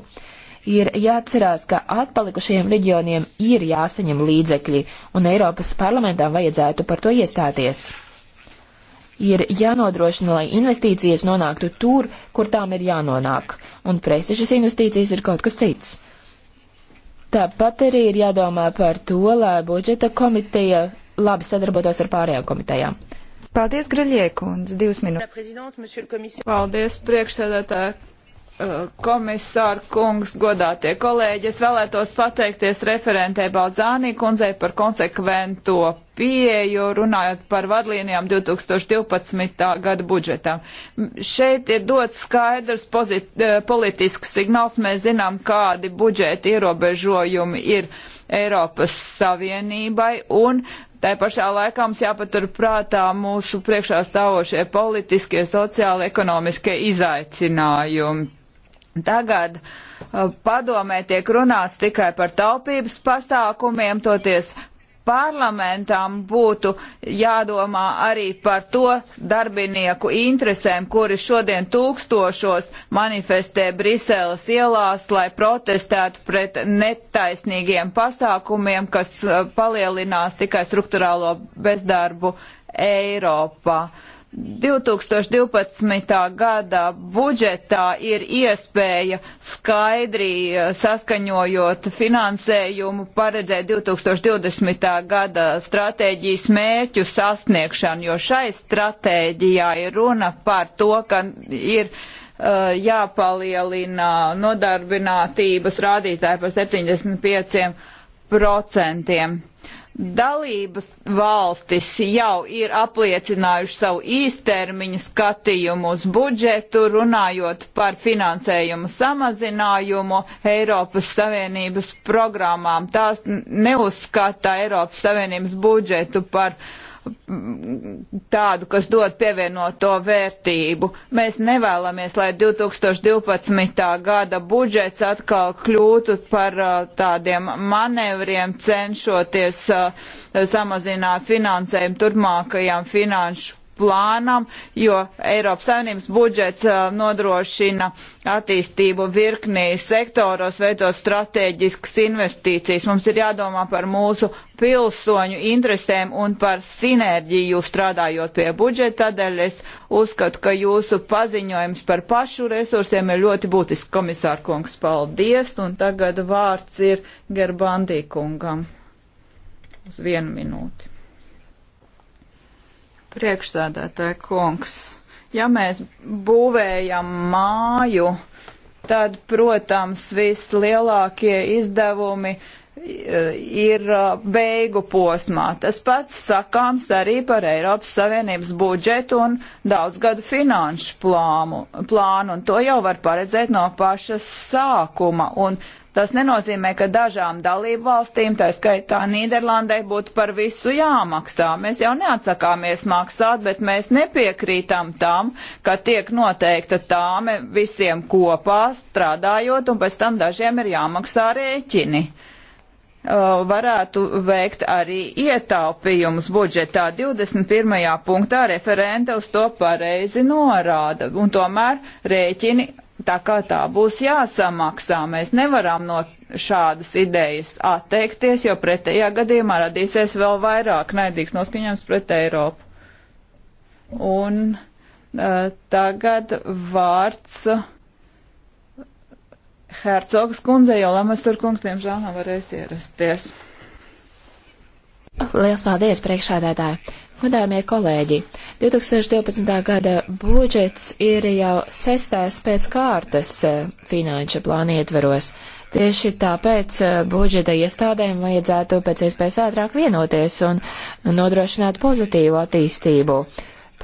Speaker 3: Ir jāatcerās, ka atpalikušajiem reģioniem ir jāsaņem līdzekļi, un Eiropas parlamentam vajadzētu par to iestāties ir jānodrošina, lai investīcijas nonāktu tur, kur tām ir jānonāk, un prestižas investīcijas ir kaut kas cits. Tāpat arī ir jādomā par to, lai budžeta komiteja labi sadarbotos ar pārējām komitejām. Paldies, Graļiekundze, divas
Speaker 2: minūtes. Paldies, priekšsēdētāji Uh, komisāra kungs, godātie kolēģi, es vēlētos pateikties referentē Balzānī kundzei par konsekvento pieeju, runājot par vadlīnijām 2012. gada budžetam. Šeit ir dots skaidrs pozit, uh, politisks signāls, mēs zinām, kādi budžeti ierobežojumi ir Eiropas Savienībai un Tā pašā laikā mums jāpatur prātā mūsu priekšā stāvošie politiskie, sociāli, ekonomiskie izaicinājumi Tagad uh, padomē tiek runāts tikai par taupības pasākumiem, toties parlamentam būtu jādomā arī par to darbinieku interesēm, kuri šodien tūkstošos manifestē Briseles ielās, lai protestētu pret netaisnīgiem pasākumiem, kas uh, palielinās tikai struktūrālo bezdarbu Eiropā. Uh, 2012. gada budžetā ir iespēja skaidri eh, saskaņojot finansējumu paredzēt 2020. gada stratēģijas mērķu sasniegšanu, jo šai stratēģijā ir runa par to, ka ir uh, jāpalielina nodarbinātības rādītāji par 75%. Dalības valstis jau ir apliecinājuši savu īstermiņu skatījumu uz budžetu, runājot par finansējumu samazinājumu Eiropas Savienības programmām. Tās neuzskata Eiropas Savienības budžetu par uh, tādu, kas dod pievienoto vērtību. Mēs nevēlamies, lai 2012. gada budžets atkal kļūtu par tādiem manevriem, cenšoties samazināt finansējumu turpmākajām finanšu plānam, jo Eiropas Savienības budžets uh, nodrošina attīstību virknī sektoros, veidot strateģiskas investīcijas. Mums ir jādomā par mūsu pilsoņu interesēm un par sinerģiju strādājot pie budžeta. Tādēļ es uzskatu, ka jūsu paziņojums par pašu resursiem ir ļoti būtisks. Komisārkungs, paldies! Un tagad vārds ir Gerbandī kungam. Uz vienu minūti. Priekšsēdētāji kungs, ja mēs būvējam māju, tad, protams, vislielākie izdevumi eh, ir eh, beigu posmā. Tas pats sakāms arī par Eiropas Savienības budžetu un daudzgadu finanšu plānu, plānu, un to jau var paredzēt no paša sākuma. Un Tas nenozīmē, ka dažām dalību valstīm, tā skaitā Nīderlandai, būtu par visu jāmaksā. Mēs jau neatsakāmies maksāt, bet mēs nepiekrītam tam, ka tiek noteikta tāme visiem kopā strādājot, un pēc tam dažiem ir jāmaksā rēķini varētu veikt arī ietaupījumus budžetā. 21. punktā referente uz to pareizi norāda, un tomēr rēķini Tā kā tā būs jāsamaksā, mēs nevaram no šādas idejas atteikties, jo pretējā gadījumā radīsies vēl vairāk naidīgs noskaņojums pret Eiropu. Un uh, tagad vārds Hercogs kundzei, jo Lamastur kungs, diemžēl, nav varējis ierasties.
Speaker 3: Liels paldies, priekšādētāji! Godājumie kolēģi, 2012. gada budžets ir jau sestais pēc kārtas eh, finanšu plāna ietveros. Tieši tāpēc eh, budžeta iestādēm vajadzētu pēc iespējas ātrāk vienoties un nodrošināt pozitīvu attīstību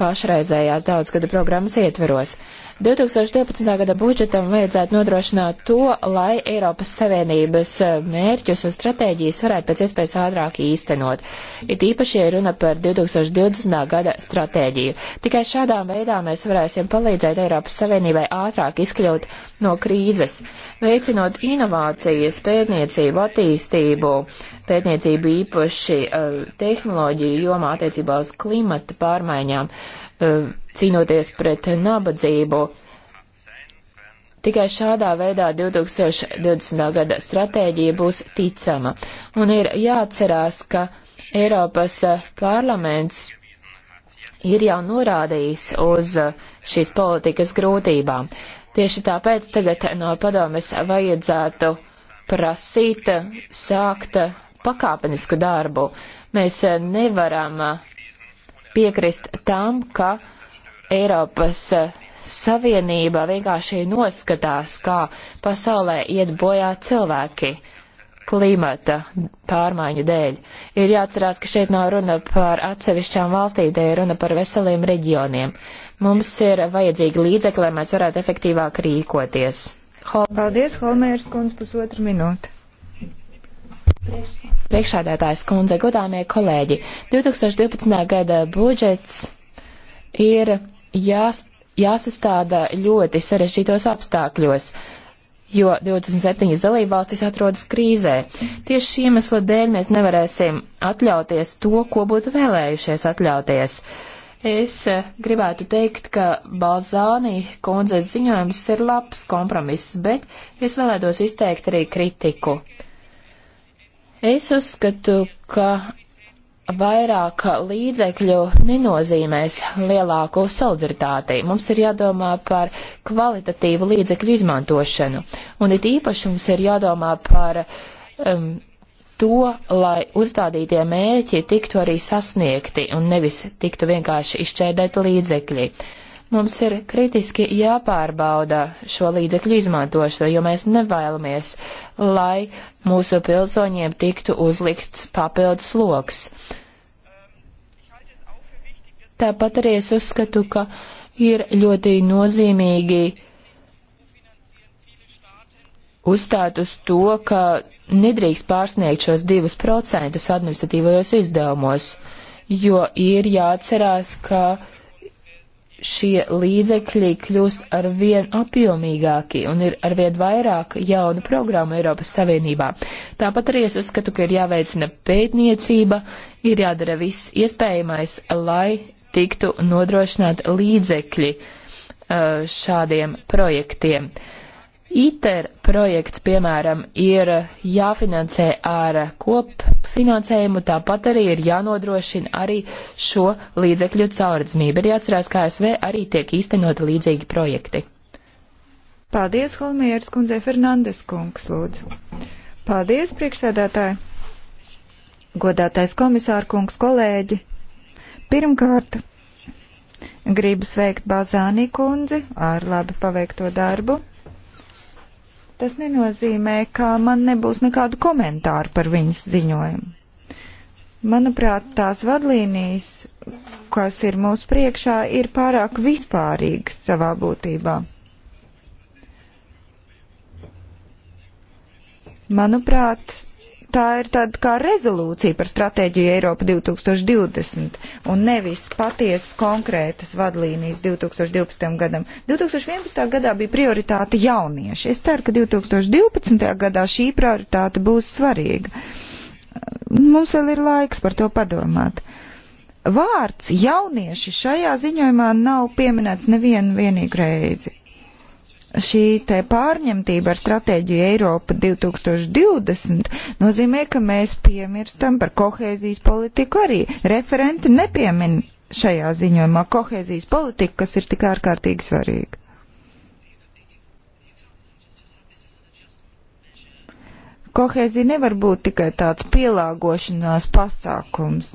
Speaker 3: pašreizējās daudzgada programmas ietveros. 2012. gada budžetam vajadzētu nodrošināt to, lai Eiropas Savienības eh, mērķus un stratēģijas varētu pēc iespējas ātrāk īstenot. Ir īpaši, ja runa par 2020. gada stratēģiju. Tikai šādā veidā mēs varēsim palīdzēt Eiropas Savienībai ātrāk izkļūt no krīzes, veicinot inovācijas, pētniecību, attīstību, pētniecību īpaši uh, tehnoloģiju jomā attiecībā uz klimata pārmaiņām. Uh, E, cīnoties pret nabadzību. Tikai šādā veidā 2020. gada stratēģija būs ticama, un ir jāatcerās, ka Eiropas parlaments ir jau norādījis uz šīs politikas grūtībām. Tieši tāpēc tagad no padomes vajadzētu prasīt sākt pakāpenisku darbu. Mēs nevaram piekrist tam, ka Eiropas e, Savienība vienkārši noskatās, kā pasaulē iet bojā cilvēki klimata pārmaiņu dēļ. Ir jāatcerās, ka šeit nav runa par atsevišķām valstīm, te ir runa par veseliem reģioniem. Mums ir vajadzīgi līdzekļi, lai mēs varētu efektīvāk rīkoties. Hol Paldies, Holmērs kundz, pusotru minūti. Priekšādātājs kundze, godāmie kolēģi, 2012. gada budžets ir jās, jāsastāda ļoti sarežģītos apstākļos jo 27 dalībvalstis atrodas krīzē. Tieši šī iemesla dēļ mēs nevarēsim atļauties to, ko būtu vēlējušies atļauties. Es eh, gribētu teikt, ka Balzāni kundzes ziņojums ir labs kompromiss, bet es vēlētos izteikt arī kritiku. Es uzskatu, ka vairāk līdzekļu nenozīmēs lielāku solidaritāti. Mums ir jādomā par kvalitatīvu līdzekļu izmantošanu, un it īpaši mums ir jādomā par um, to, lai uzstādītie mērķi tiktu arī sasniegti un nevis tiktu vienkārši izšķēdēti līdzekļi. Uh, Mums ir kritiski jāpārbauda šo līdzekļu izmantošanu, jo mēs nevēlamies, lai mūsu pilsoņiem tiktu uzlikts papildus sloks. Tāpat arī es uzskatu, ka ir ļoti nozīmīgi uzstāt uz to, ka nedrīkst pārsniegt šos divus procentus administratīvajos izdevumos, jo ir jāatcerās, ka uh, šie līdzekļi kļūst ar vien apjomīgāki un ir ar vien vairāk jaunu programmu Eiropas Savienībā. Tāpat arī es uzskatu, ka ir jāveicina pētniecība, ir jādara viss iespējamais, lai tiktu nodrošināt līdzekļi uh, šādiem projektiem. Uh, ITER projekts, piemēram, ir jāfinansē ar kopfinansējumu, tāpat arī ir jānodrošina arī šo līdzekļu caurredzamību. Ir jāatcerās, ka ASV arī tiek īstenoti līdzīgi projekti.
Speaker 1: Paldies, Holmieras kundzei Fernandes kungs, lūdzu. Paldies, priekšsēdētāji. Godātais komisāra kungs, kolēģi. Pirmkārt, gribu sveikt Bazāni kundzi ar labi paveikto darbu. Tas nenozīmē, ka man nebūs nekādu komentāru par viņas ziņojumu. Manuprāt, tās vadlīnijas, kas ir mūsu priekšā, ir pārāk vispārīgas savā būtībā. Manuprāt, tā ir tāda kā rezolūcija par stratēģiju Eiropa 2020 un nevis patiesas konkrētas vadlīnijas 2012. gadam. 2011. gadā bija prioritāte jaunieši. Es ceru, ka 2012. gadā šī prioritāte būs svarīga. Mums vēl ir laiks par to padomāt. Vārds jaunieši šajā ziņojumā nav pieminēts nevienu vienīgu reizi šī te pārņemtība ar stratēģiju Eiropa 2020 nozīmē, ka mēs piemirstam par kohēzijas politiku arī. Referenti nepiemin šajā ziņojumā kohēzijas politiku, kas ir tik ārkārtīgi svarīga. Kohēzija nevar būt tikai tāds pielāgošanās pasākums.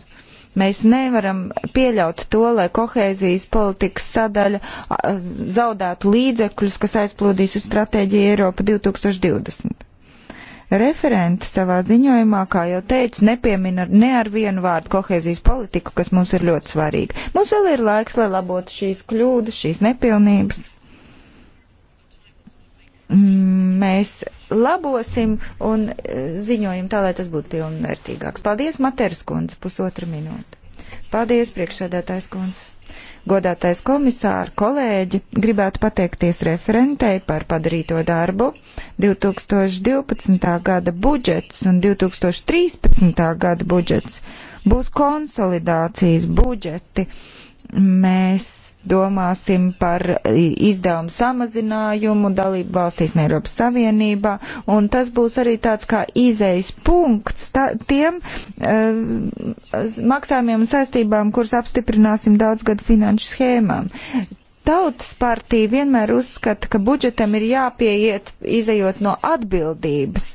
Speaker 1: Mēs nevaram pieļaut to, lai kohēzijas politikas sadaļa zaudētu līdzekļus, kas aizplūdīs uz stratēģiju Eiropa 2020. Referenti savā ziņojumā, kā jau teicu, nepiemina ne ar vienu vārdu kohēzijas politiku, kas mums ir ļoti svarīga. Mums vēl ir laiks, lai labotu šīs kļūdas, šīs nepilnības mēs labosim un e, ziņojam tā, lai tas būtu pilnvērtīgāks. Paldies, Materas kundze, pusotra minūte. Paldies, priekšsēdētājs kundze. Godātais komisāri, kolēģi, gribētu pateikties referentei par padarīto darbu. 2012. gada budžets un 2013. gada budžets būs konsolidācijas budžeti. Mēs domāsim par izdevumu samazinājumu dalību valstīs un Eiropas Savienībā, un tas būs arī tāds kā izējas punkts tā, tiem uh, maksājumiem un saistībām, kuras apstiprināsim daudzgadu finanšu schēmām. Tautas partija vienmēr uzskata, ka budžetam ir jāpieiet izējot no atbildības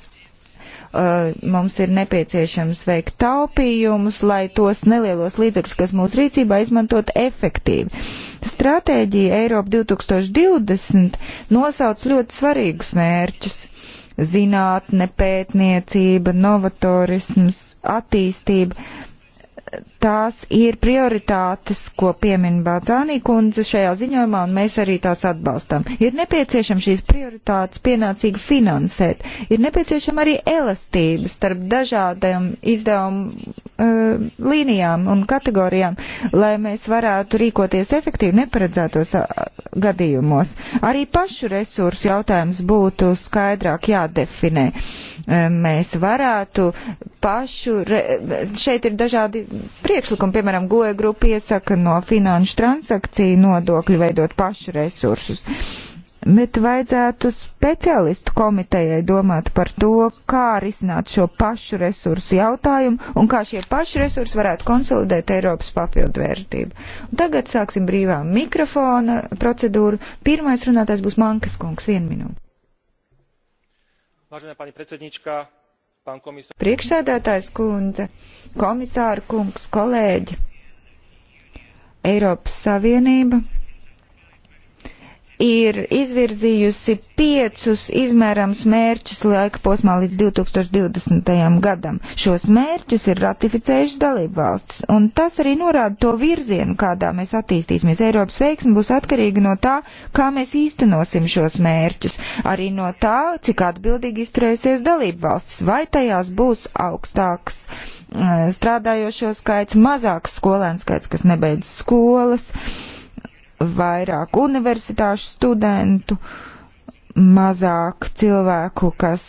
Speaker 1: Eh, mums ir nepieciešams veikt taupījumus, lai tos nelielos līdzekļus, kas mūsu rīcībā, izmantot efektīvi. Stratēģija Eiropa 2020 nosauc ļoti svarīgus mērķus - zinātne, pētniecība, novatorisms, attīstība tās ir prioritātes, ko piemin Bācānī kundze šajā ziņojumā, un mēs arī tās atbalstam. Ir nepieciešams šīs prioritātes pienācīgi finansēt, ir nepieciešama arī elastība starp dažādiem izdevumu uh, līnijām un kategorijām, lai mēs varētu rīkoties efektīvi neparedzētos eh, gadījumos. Arī pašu resursu jautājums būtu skaidrāk jādefinē. Uh, mēs varētu pašu, re, šeit ir dažādi priekšlikumi, piemēram, goja grupa iesaka no finanšu transakciju nodokļu veidot pašu resursus. Uh, bet vajadzētu speciālistu komitejai domāt par to, kā risināt šo pašu resursu jautājumu un kā šie paši resursi varētu konsolidēt Eiropas papildvērtību. Un tagad sāksim brīvā mikrofona procedūru. Pirmais runātājs būs Mankas kungs. Vienu minūti. Vážená pani predsednička, pán komisār. Priekšsēdētājs kundze, komisāra kungs, kolēģi. Eiropas Savienība ir izvirzījusi piecus izmērams mērķus laika posmā līdz 2020. gadam. Šos mērķus ir ratificējušas dalību valstis, un tas arī norāda to virzienu, kādā mēs attīstīsimies. Eiropas veiksme būs atkarīga no tā, kā mēs īstenosim šos mērķus, arī no tā, cik atbildīgi izturēsies dalību valstis, vai tajās būs augstāks eh, strādājošo skaits, mazāks skolēnu skaits, kas nebeidz skolas. Uh, vairāk universitāšu studentu. Uh, mazāk cilvēku, kas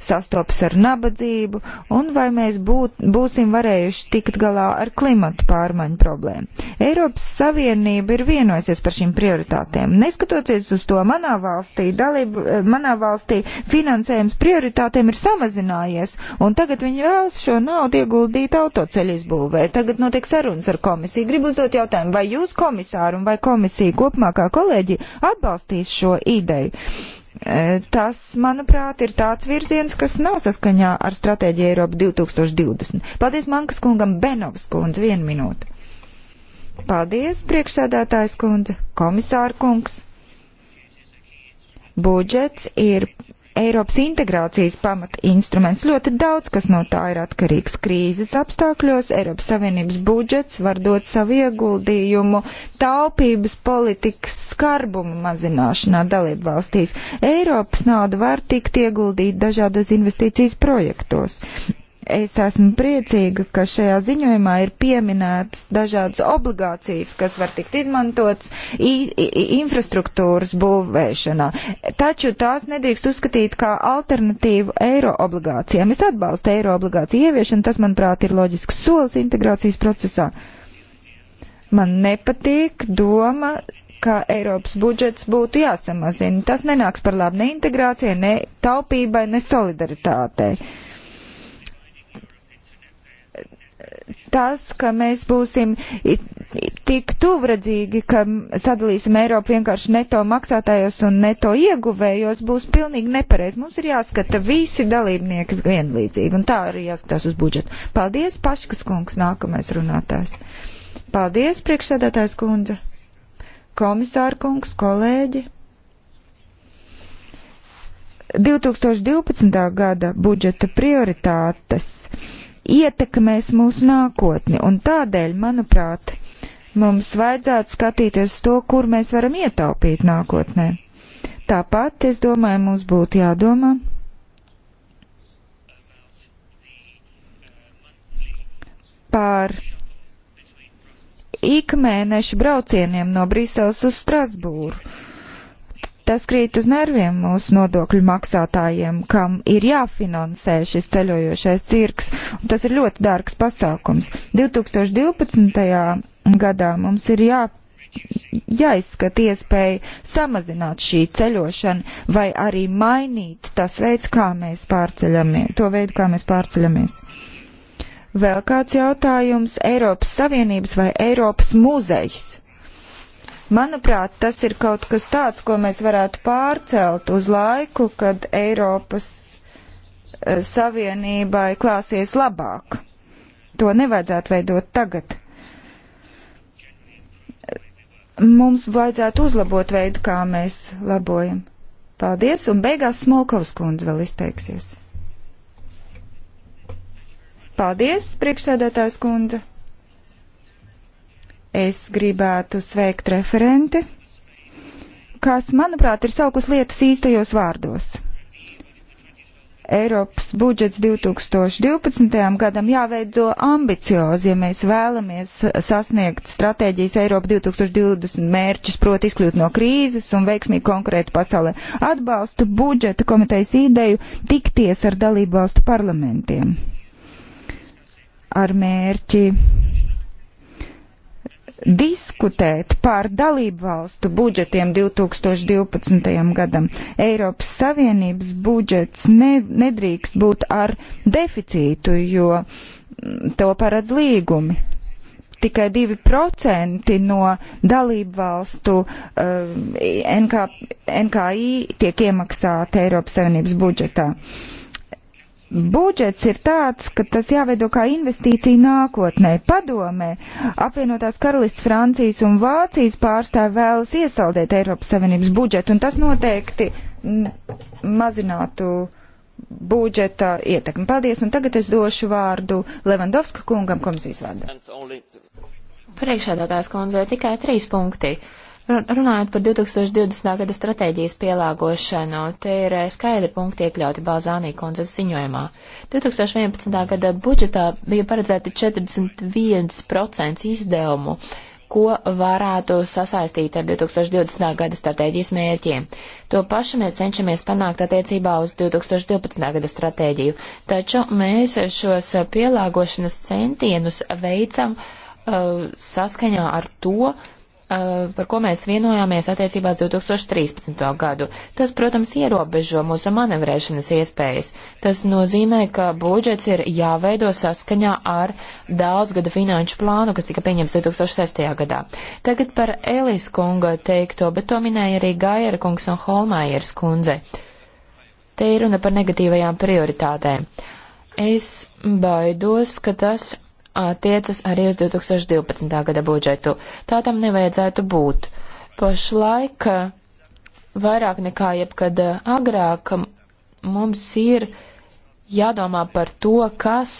Speaker 1: sastopas ar nabadzību, un vai mēs būt, būsim varējuši tikt galā ar klimatu pārmaiņu problēmu. Eiropas Savienība ir vienojusies par šīm prioritātēm. Neskatoties uz to, manā valstī, dalību, manā valstī finansējums prioritātēm ir samazinājies, un tagad viņi vēlas šo naudu ieguldīt autoceļu izbūvē. Tagad notiek sarunas ar komisiju. Gribu uzdot jautājumu, vai jūs komisāru un vai komisija kopumā kā kolēģi atbalstīs šo ideju? E, tas, manuprāt, ir tāds virziens, kas nav saskaņā ar stratēģiju Eiropa 2020. Paldies Mankas kungam, Benovas kundze, vienu minūti. Paldies, priekšsēdētājs kundze, komisāra kungs. Budžets ir Eiropas integrācijas pamata instruments. Ļoti daudz, kas no tā ir atkarīgs krīzes apstākļos. Eiropas Savienības budžets var dot savu ieguldījumu taupības politikas skarbumu mazināšanā dalību valstīs. Eiropas nauda var tikt ieguldīt dažādos investīcijas projektos. Es esmu priecīga, ka šajā ziņojumā ir pieminētas dažādas obligācijas, kas var tikt izmantotas infrastruktūras būvēšanā. Taču tās nedrīkst uzskatīt kā alternatīvu eiro obligācijām. Es atbalstu eiro obligāciju ieviešanu, tas, manuprāt, ir loģisks solis integrācijas procesā. Man nepatīk doma ka Eiropas budžets būtu jāsamazina. Tas nenāks par labu ne integrācijai, ne taupībai, ne solidaritātei. Uh, tas, ka mēs būsim tik tuvredzīgi, ka sadalīsim Eiropu vienkārši neto maksātājos un neto ieguvējos, būs pilnīgi nepareizi. Mums ir jāskata visi dalībnieki vienlīdzīgi, un tā arī jāskatās uz budžetu. Paldies, Paškas kungs, nākamais runātājs. Paldies, priekšsēdētājs kundze, komisāra kungs, kolēģi. 2012. gada budžeta prioritātes ietekmēs mūsu nākotni. Un tādēļ, manuprāt, mums vajadzētu skatīties to, kur mēs varam ietaupīt nākotnē. Tāpat, es domāju, mums būtu jādomā par ikmēneša braucieniem no Briseles uz Strasbūru Tas krīt uz nerviem mūsu nodokļu maksātājiem, kam ir jāfinansē šis ceļojošais cirks. Tas ir ļoti dārgs pasākums. 2012. gadā mums ir jā jāizskata iespēja samazināt šī ceļošana vai arī mainīt tas veids, kā mēs pārceļamies, to veidu, kā mēs pārceļamies. Vēl kāds jautājums Eiropas Savienības vai Eiropas muzejs? Manuprāt, tas ir kaut kas tāds, ko mēs varētu pārcelt uz laiku, kad Eiropas eh, Savienībai klāsies labāk. To nevajadzētu veidot tagad mums vajadzētu uzlabot veidu, kā mēs labojam. Paldies, un beigās Smolkovs kundze vēl izteiksies. Paldies, priekšsēdētājs kundze. Es gribētu sveikt referenti, kas, manuprāt, ir saukus lietas īstajos vārdos. Eiropas budžets 2012. gadam jāveido ambiciozi, ja mēs vēlamies sasniegt stratēģijas Eiropa 2020 mērķus, proti izkļūt no krīzes un veiksmīgi konkurēt pasaulē. Atbalstu budžeta komitejas ideju tikties ar dalību valstu parlamentiem ar mērķi diskutēt par dalību valstu budžetiem 2012. gadam. Eiropas Savienības budžets ne, nedrīkst būt ar deficītu, jo to paredz līgumi. Tikai 2% no dalību valstu uh, NK, NKI tiek iemaksāti Eiropas Savienības budžetā. Uh, budžets ir tāds, ka tas jāveido kā investīcija nākotnē. Padomē, apvienotās karalists Francijas un Vācijas pārstāvi vēlas iesaldēt Eiropas Savienības budžetu, un tas noteikti mazinātu budžeta ietekmi. Paldies, un tagad es došu vārdu Levandovska kungam komisijas vārdā.
Speaker 3: Priekšādātājs kundze, tikai trīs punkti. Uh, Runājot par 2020. gada stratēģijas pielāgošanu, te ir eh, skaidri punkti iekļauti Balzānī kundzes ziņojumā. 2011. gada budžetā bija paredzēti 41% izdevumu, ko varētu sasaistīt ar 2020. gada stratēģijas mērķiem. To pašu mēs cenšamies panākt attiecībā uz 2012. gada stratēģiju, taču mēs šos pielāgošanas centienus veicam uh, saskaņā ar to, uh, Uh, par ko mēs vienojāmies attiecībās 2013. gadu. Tas, protams, ierobežo mūsu manevrēšanas iespējas. Tas nozīmē, ka budžets ir jāveido saskaņā ar daudzgada finanšu plānu, kas tika pieņemts 2006. gadā. Tagad par Elis kunga teikto, bet to minēja arī Gaiera kungs un Holmājers kundze. Te ir runa par negatīvajām prioritātēm. Es baidos, ka tas attiecas arī uz 2012. gada budžetu. Tā tam nevajadzētu būt. Pašlaik eh, vairāk nekā jebkad eh, agrāk mums ir jādomā par to, kas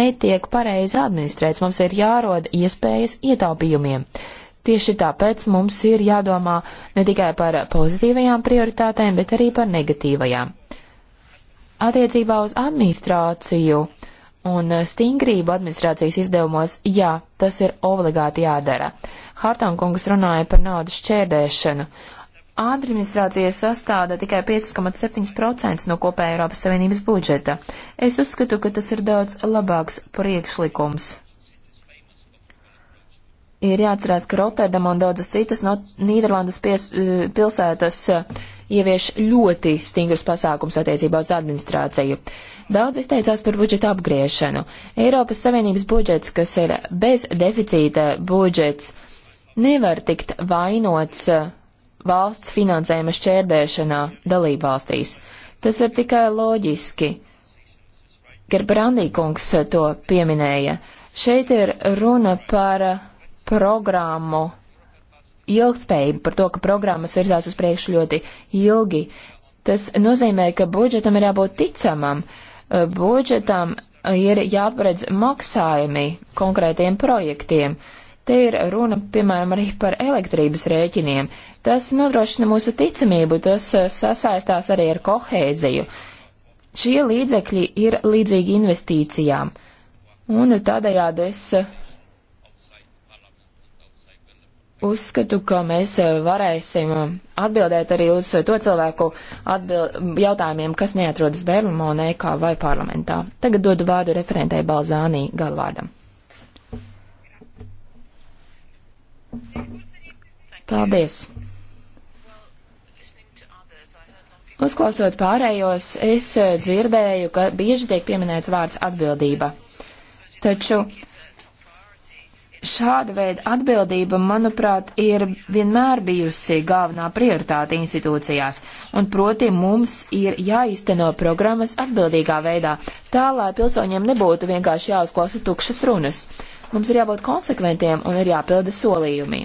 Speaker 3: netiek pareizi administrēts. Mums ir jāroda iespējas ietaupījumiem. Tieši tāpēc mums ir jādomā ne tikai par pozitīvajām prioritātēm, bet arī par negatīvajām. Attiecībā uz administrāciju uh, Un eh, stingrību administrācijas izdevumos, jā, tas ir obligāti jādara. Hartonkungs runāja par naudas šķērdēšanu. Administrācija sastāda tikai 5,7% no kopējā Eiropas Savienības budžeta. Es uzskatu, ka tas ir daudz labāks priekšlikums. Ir jāatcerās, ka Rotterdama un daudzas citas no Nīderlandes pies, eh, pilsētas uh, ievieš ļoti stingrus pasākums attiecībā uz administrāciju. Daudz izteicās par budžeta apgriešanu. Eiropas Savienības budžets, kas ir bez deficīta budžets, nevar tikt vainots eh, valsts finansējuma šķērdēšanā dalībvalstīs. Tas ir tikai loģiski. Gerbrandīkungs eh, to pieminēja. Šeit ir runa par programmu ilgspējību, par to, ka programmas virzās uz priekšu ļoti ilgi. Tas nozīmē, ka budžetam ir jābūt ticamam. Eh, budžetam ir jāparedz maksājumi konkrētiem projektiem. Te ir runa, piemēram, arī par elektrības rēķiniem. Tas nodrošina mūsu ticamību, tas eh, sasaistās arī ar kohēziju. Šie līdzekļi ir līdzīgi investīcijām. Un tādējādi es eh, Uzskatu, ka mēs eh, varēsim eh, atbildēt arī uz eh, to cilvēku atbild, jautājumiem, kas neatrodas Berlamo, Neikā vai parlamentā. Tagad dodu vārdu referentei Balzānī galvārdam. Paldies! Uzklausot pārējos, es dzirdēju, ka bieži tiek pieminēts vārds atbildība. Taču Šāda veida atbildība, manuprāt, ir vienmēr bijusi galvenā prioritāte institūcijās, un proti mums ir jāizteno programmas atbildīgā veidā, tā lai pilsoņiem nebūtu vienkārši jāuzklausa tukšas runas. Mums ir jābūt konsekventiem un ir jāpilda solījumi.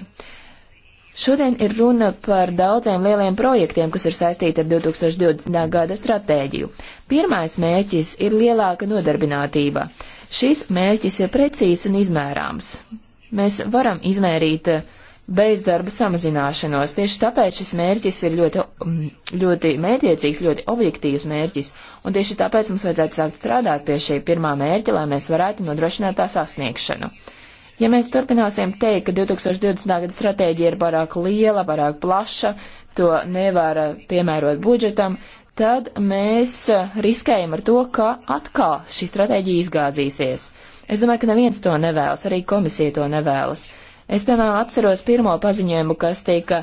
Speaker 3: Šodien ir runa par daudziem lieliem projektiem, kas ir saistīti ar 2020. gada stratēģiju. Pirmais mērķis ir lielāka nodarbinātība. Šis mērķis ir precīzs un izmērāms. Mēs varam izmērīt eh, bezdarba samazināšanos. Tieši tāpēc šis mērķis ir ļoti, mm, ļoti mētiecīgs, ļoti objektīvs mērķis, un tieši tāpēc mums vajadzētu sākt strādāt pie šī pirmā mērķa, lai mēs varētu nodrošināt tā sasniegšanu. Ja mēs turpināsim teikt, ka 2020. gada stratēģija ir pārāk liela, pārāk plaša, to nevar eh, piemērot budžetam, tad mēs eh, riskējam ar to, ka atkal šī stratēģija izgāzīsies. Es domāju, ka neviens to nevēlas, arī komisija to nevēlas. Es, piemēram, atceros pirmo paziņojumu, kas tika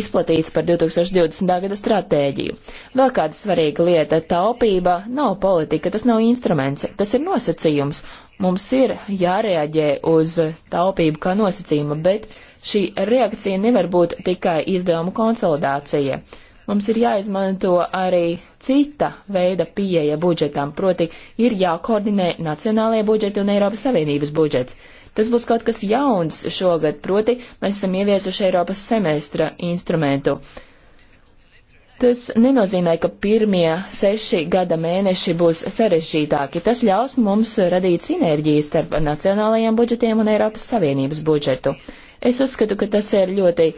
Speaker 3: izplatīts par 2020. gada stratēģiju. Vēl kāda svarīga lieta - taupība nav politika, tas nav instruments, tas ir nosacījums. Mums ir jārēģē uz taupību kā nosacījumu, bet šī reakcija nevar būt tikai izdevumu konsolidācija. Mums ir jāizmanto arī cita veida pieeja budžetam, proti ir jākoordinē nacionālajie budžeti un Eiropas Savienības budžets. Tas būs kaut kas jauns šogad, proti mēs esam ieviesuši Eiropas semestra instrumentu. Tas nenozīmē, ka pirmie seši gada mēneši būs sarežģītāki. Tas ļaus mums radīt sinerģijas starp nacionālajiem budžetiem un Eiropas Savienības budžetu. Es uzskatu, ka tas ir ļoti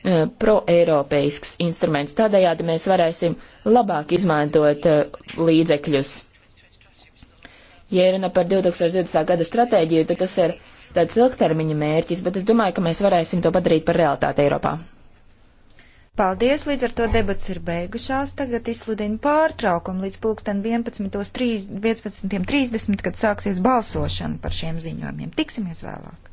Speaker 3: Eh, proeiropeisks instruments. Tādējādi mēs varēsim labāk izmantot eh, līdzekļus. Ja runa par 2020. gada stratēģiju, tad tas ir tāds ilgtermiņa mērķis, bet es domāju, ka mēs varēsim to padarīt par realitāti Eiropā.
Speaker 1: Paldies, līdz ar to debats ir beigušās. Tagad izsludinu pārtraukumu līdz pulksten 11.30, 11. kad sāksies balsošana par šiem ziņojumiem. Tiksimies vēlāk!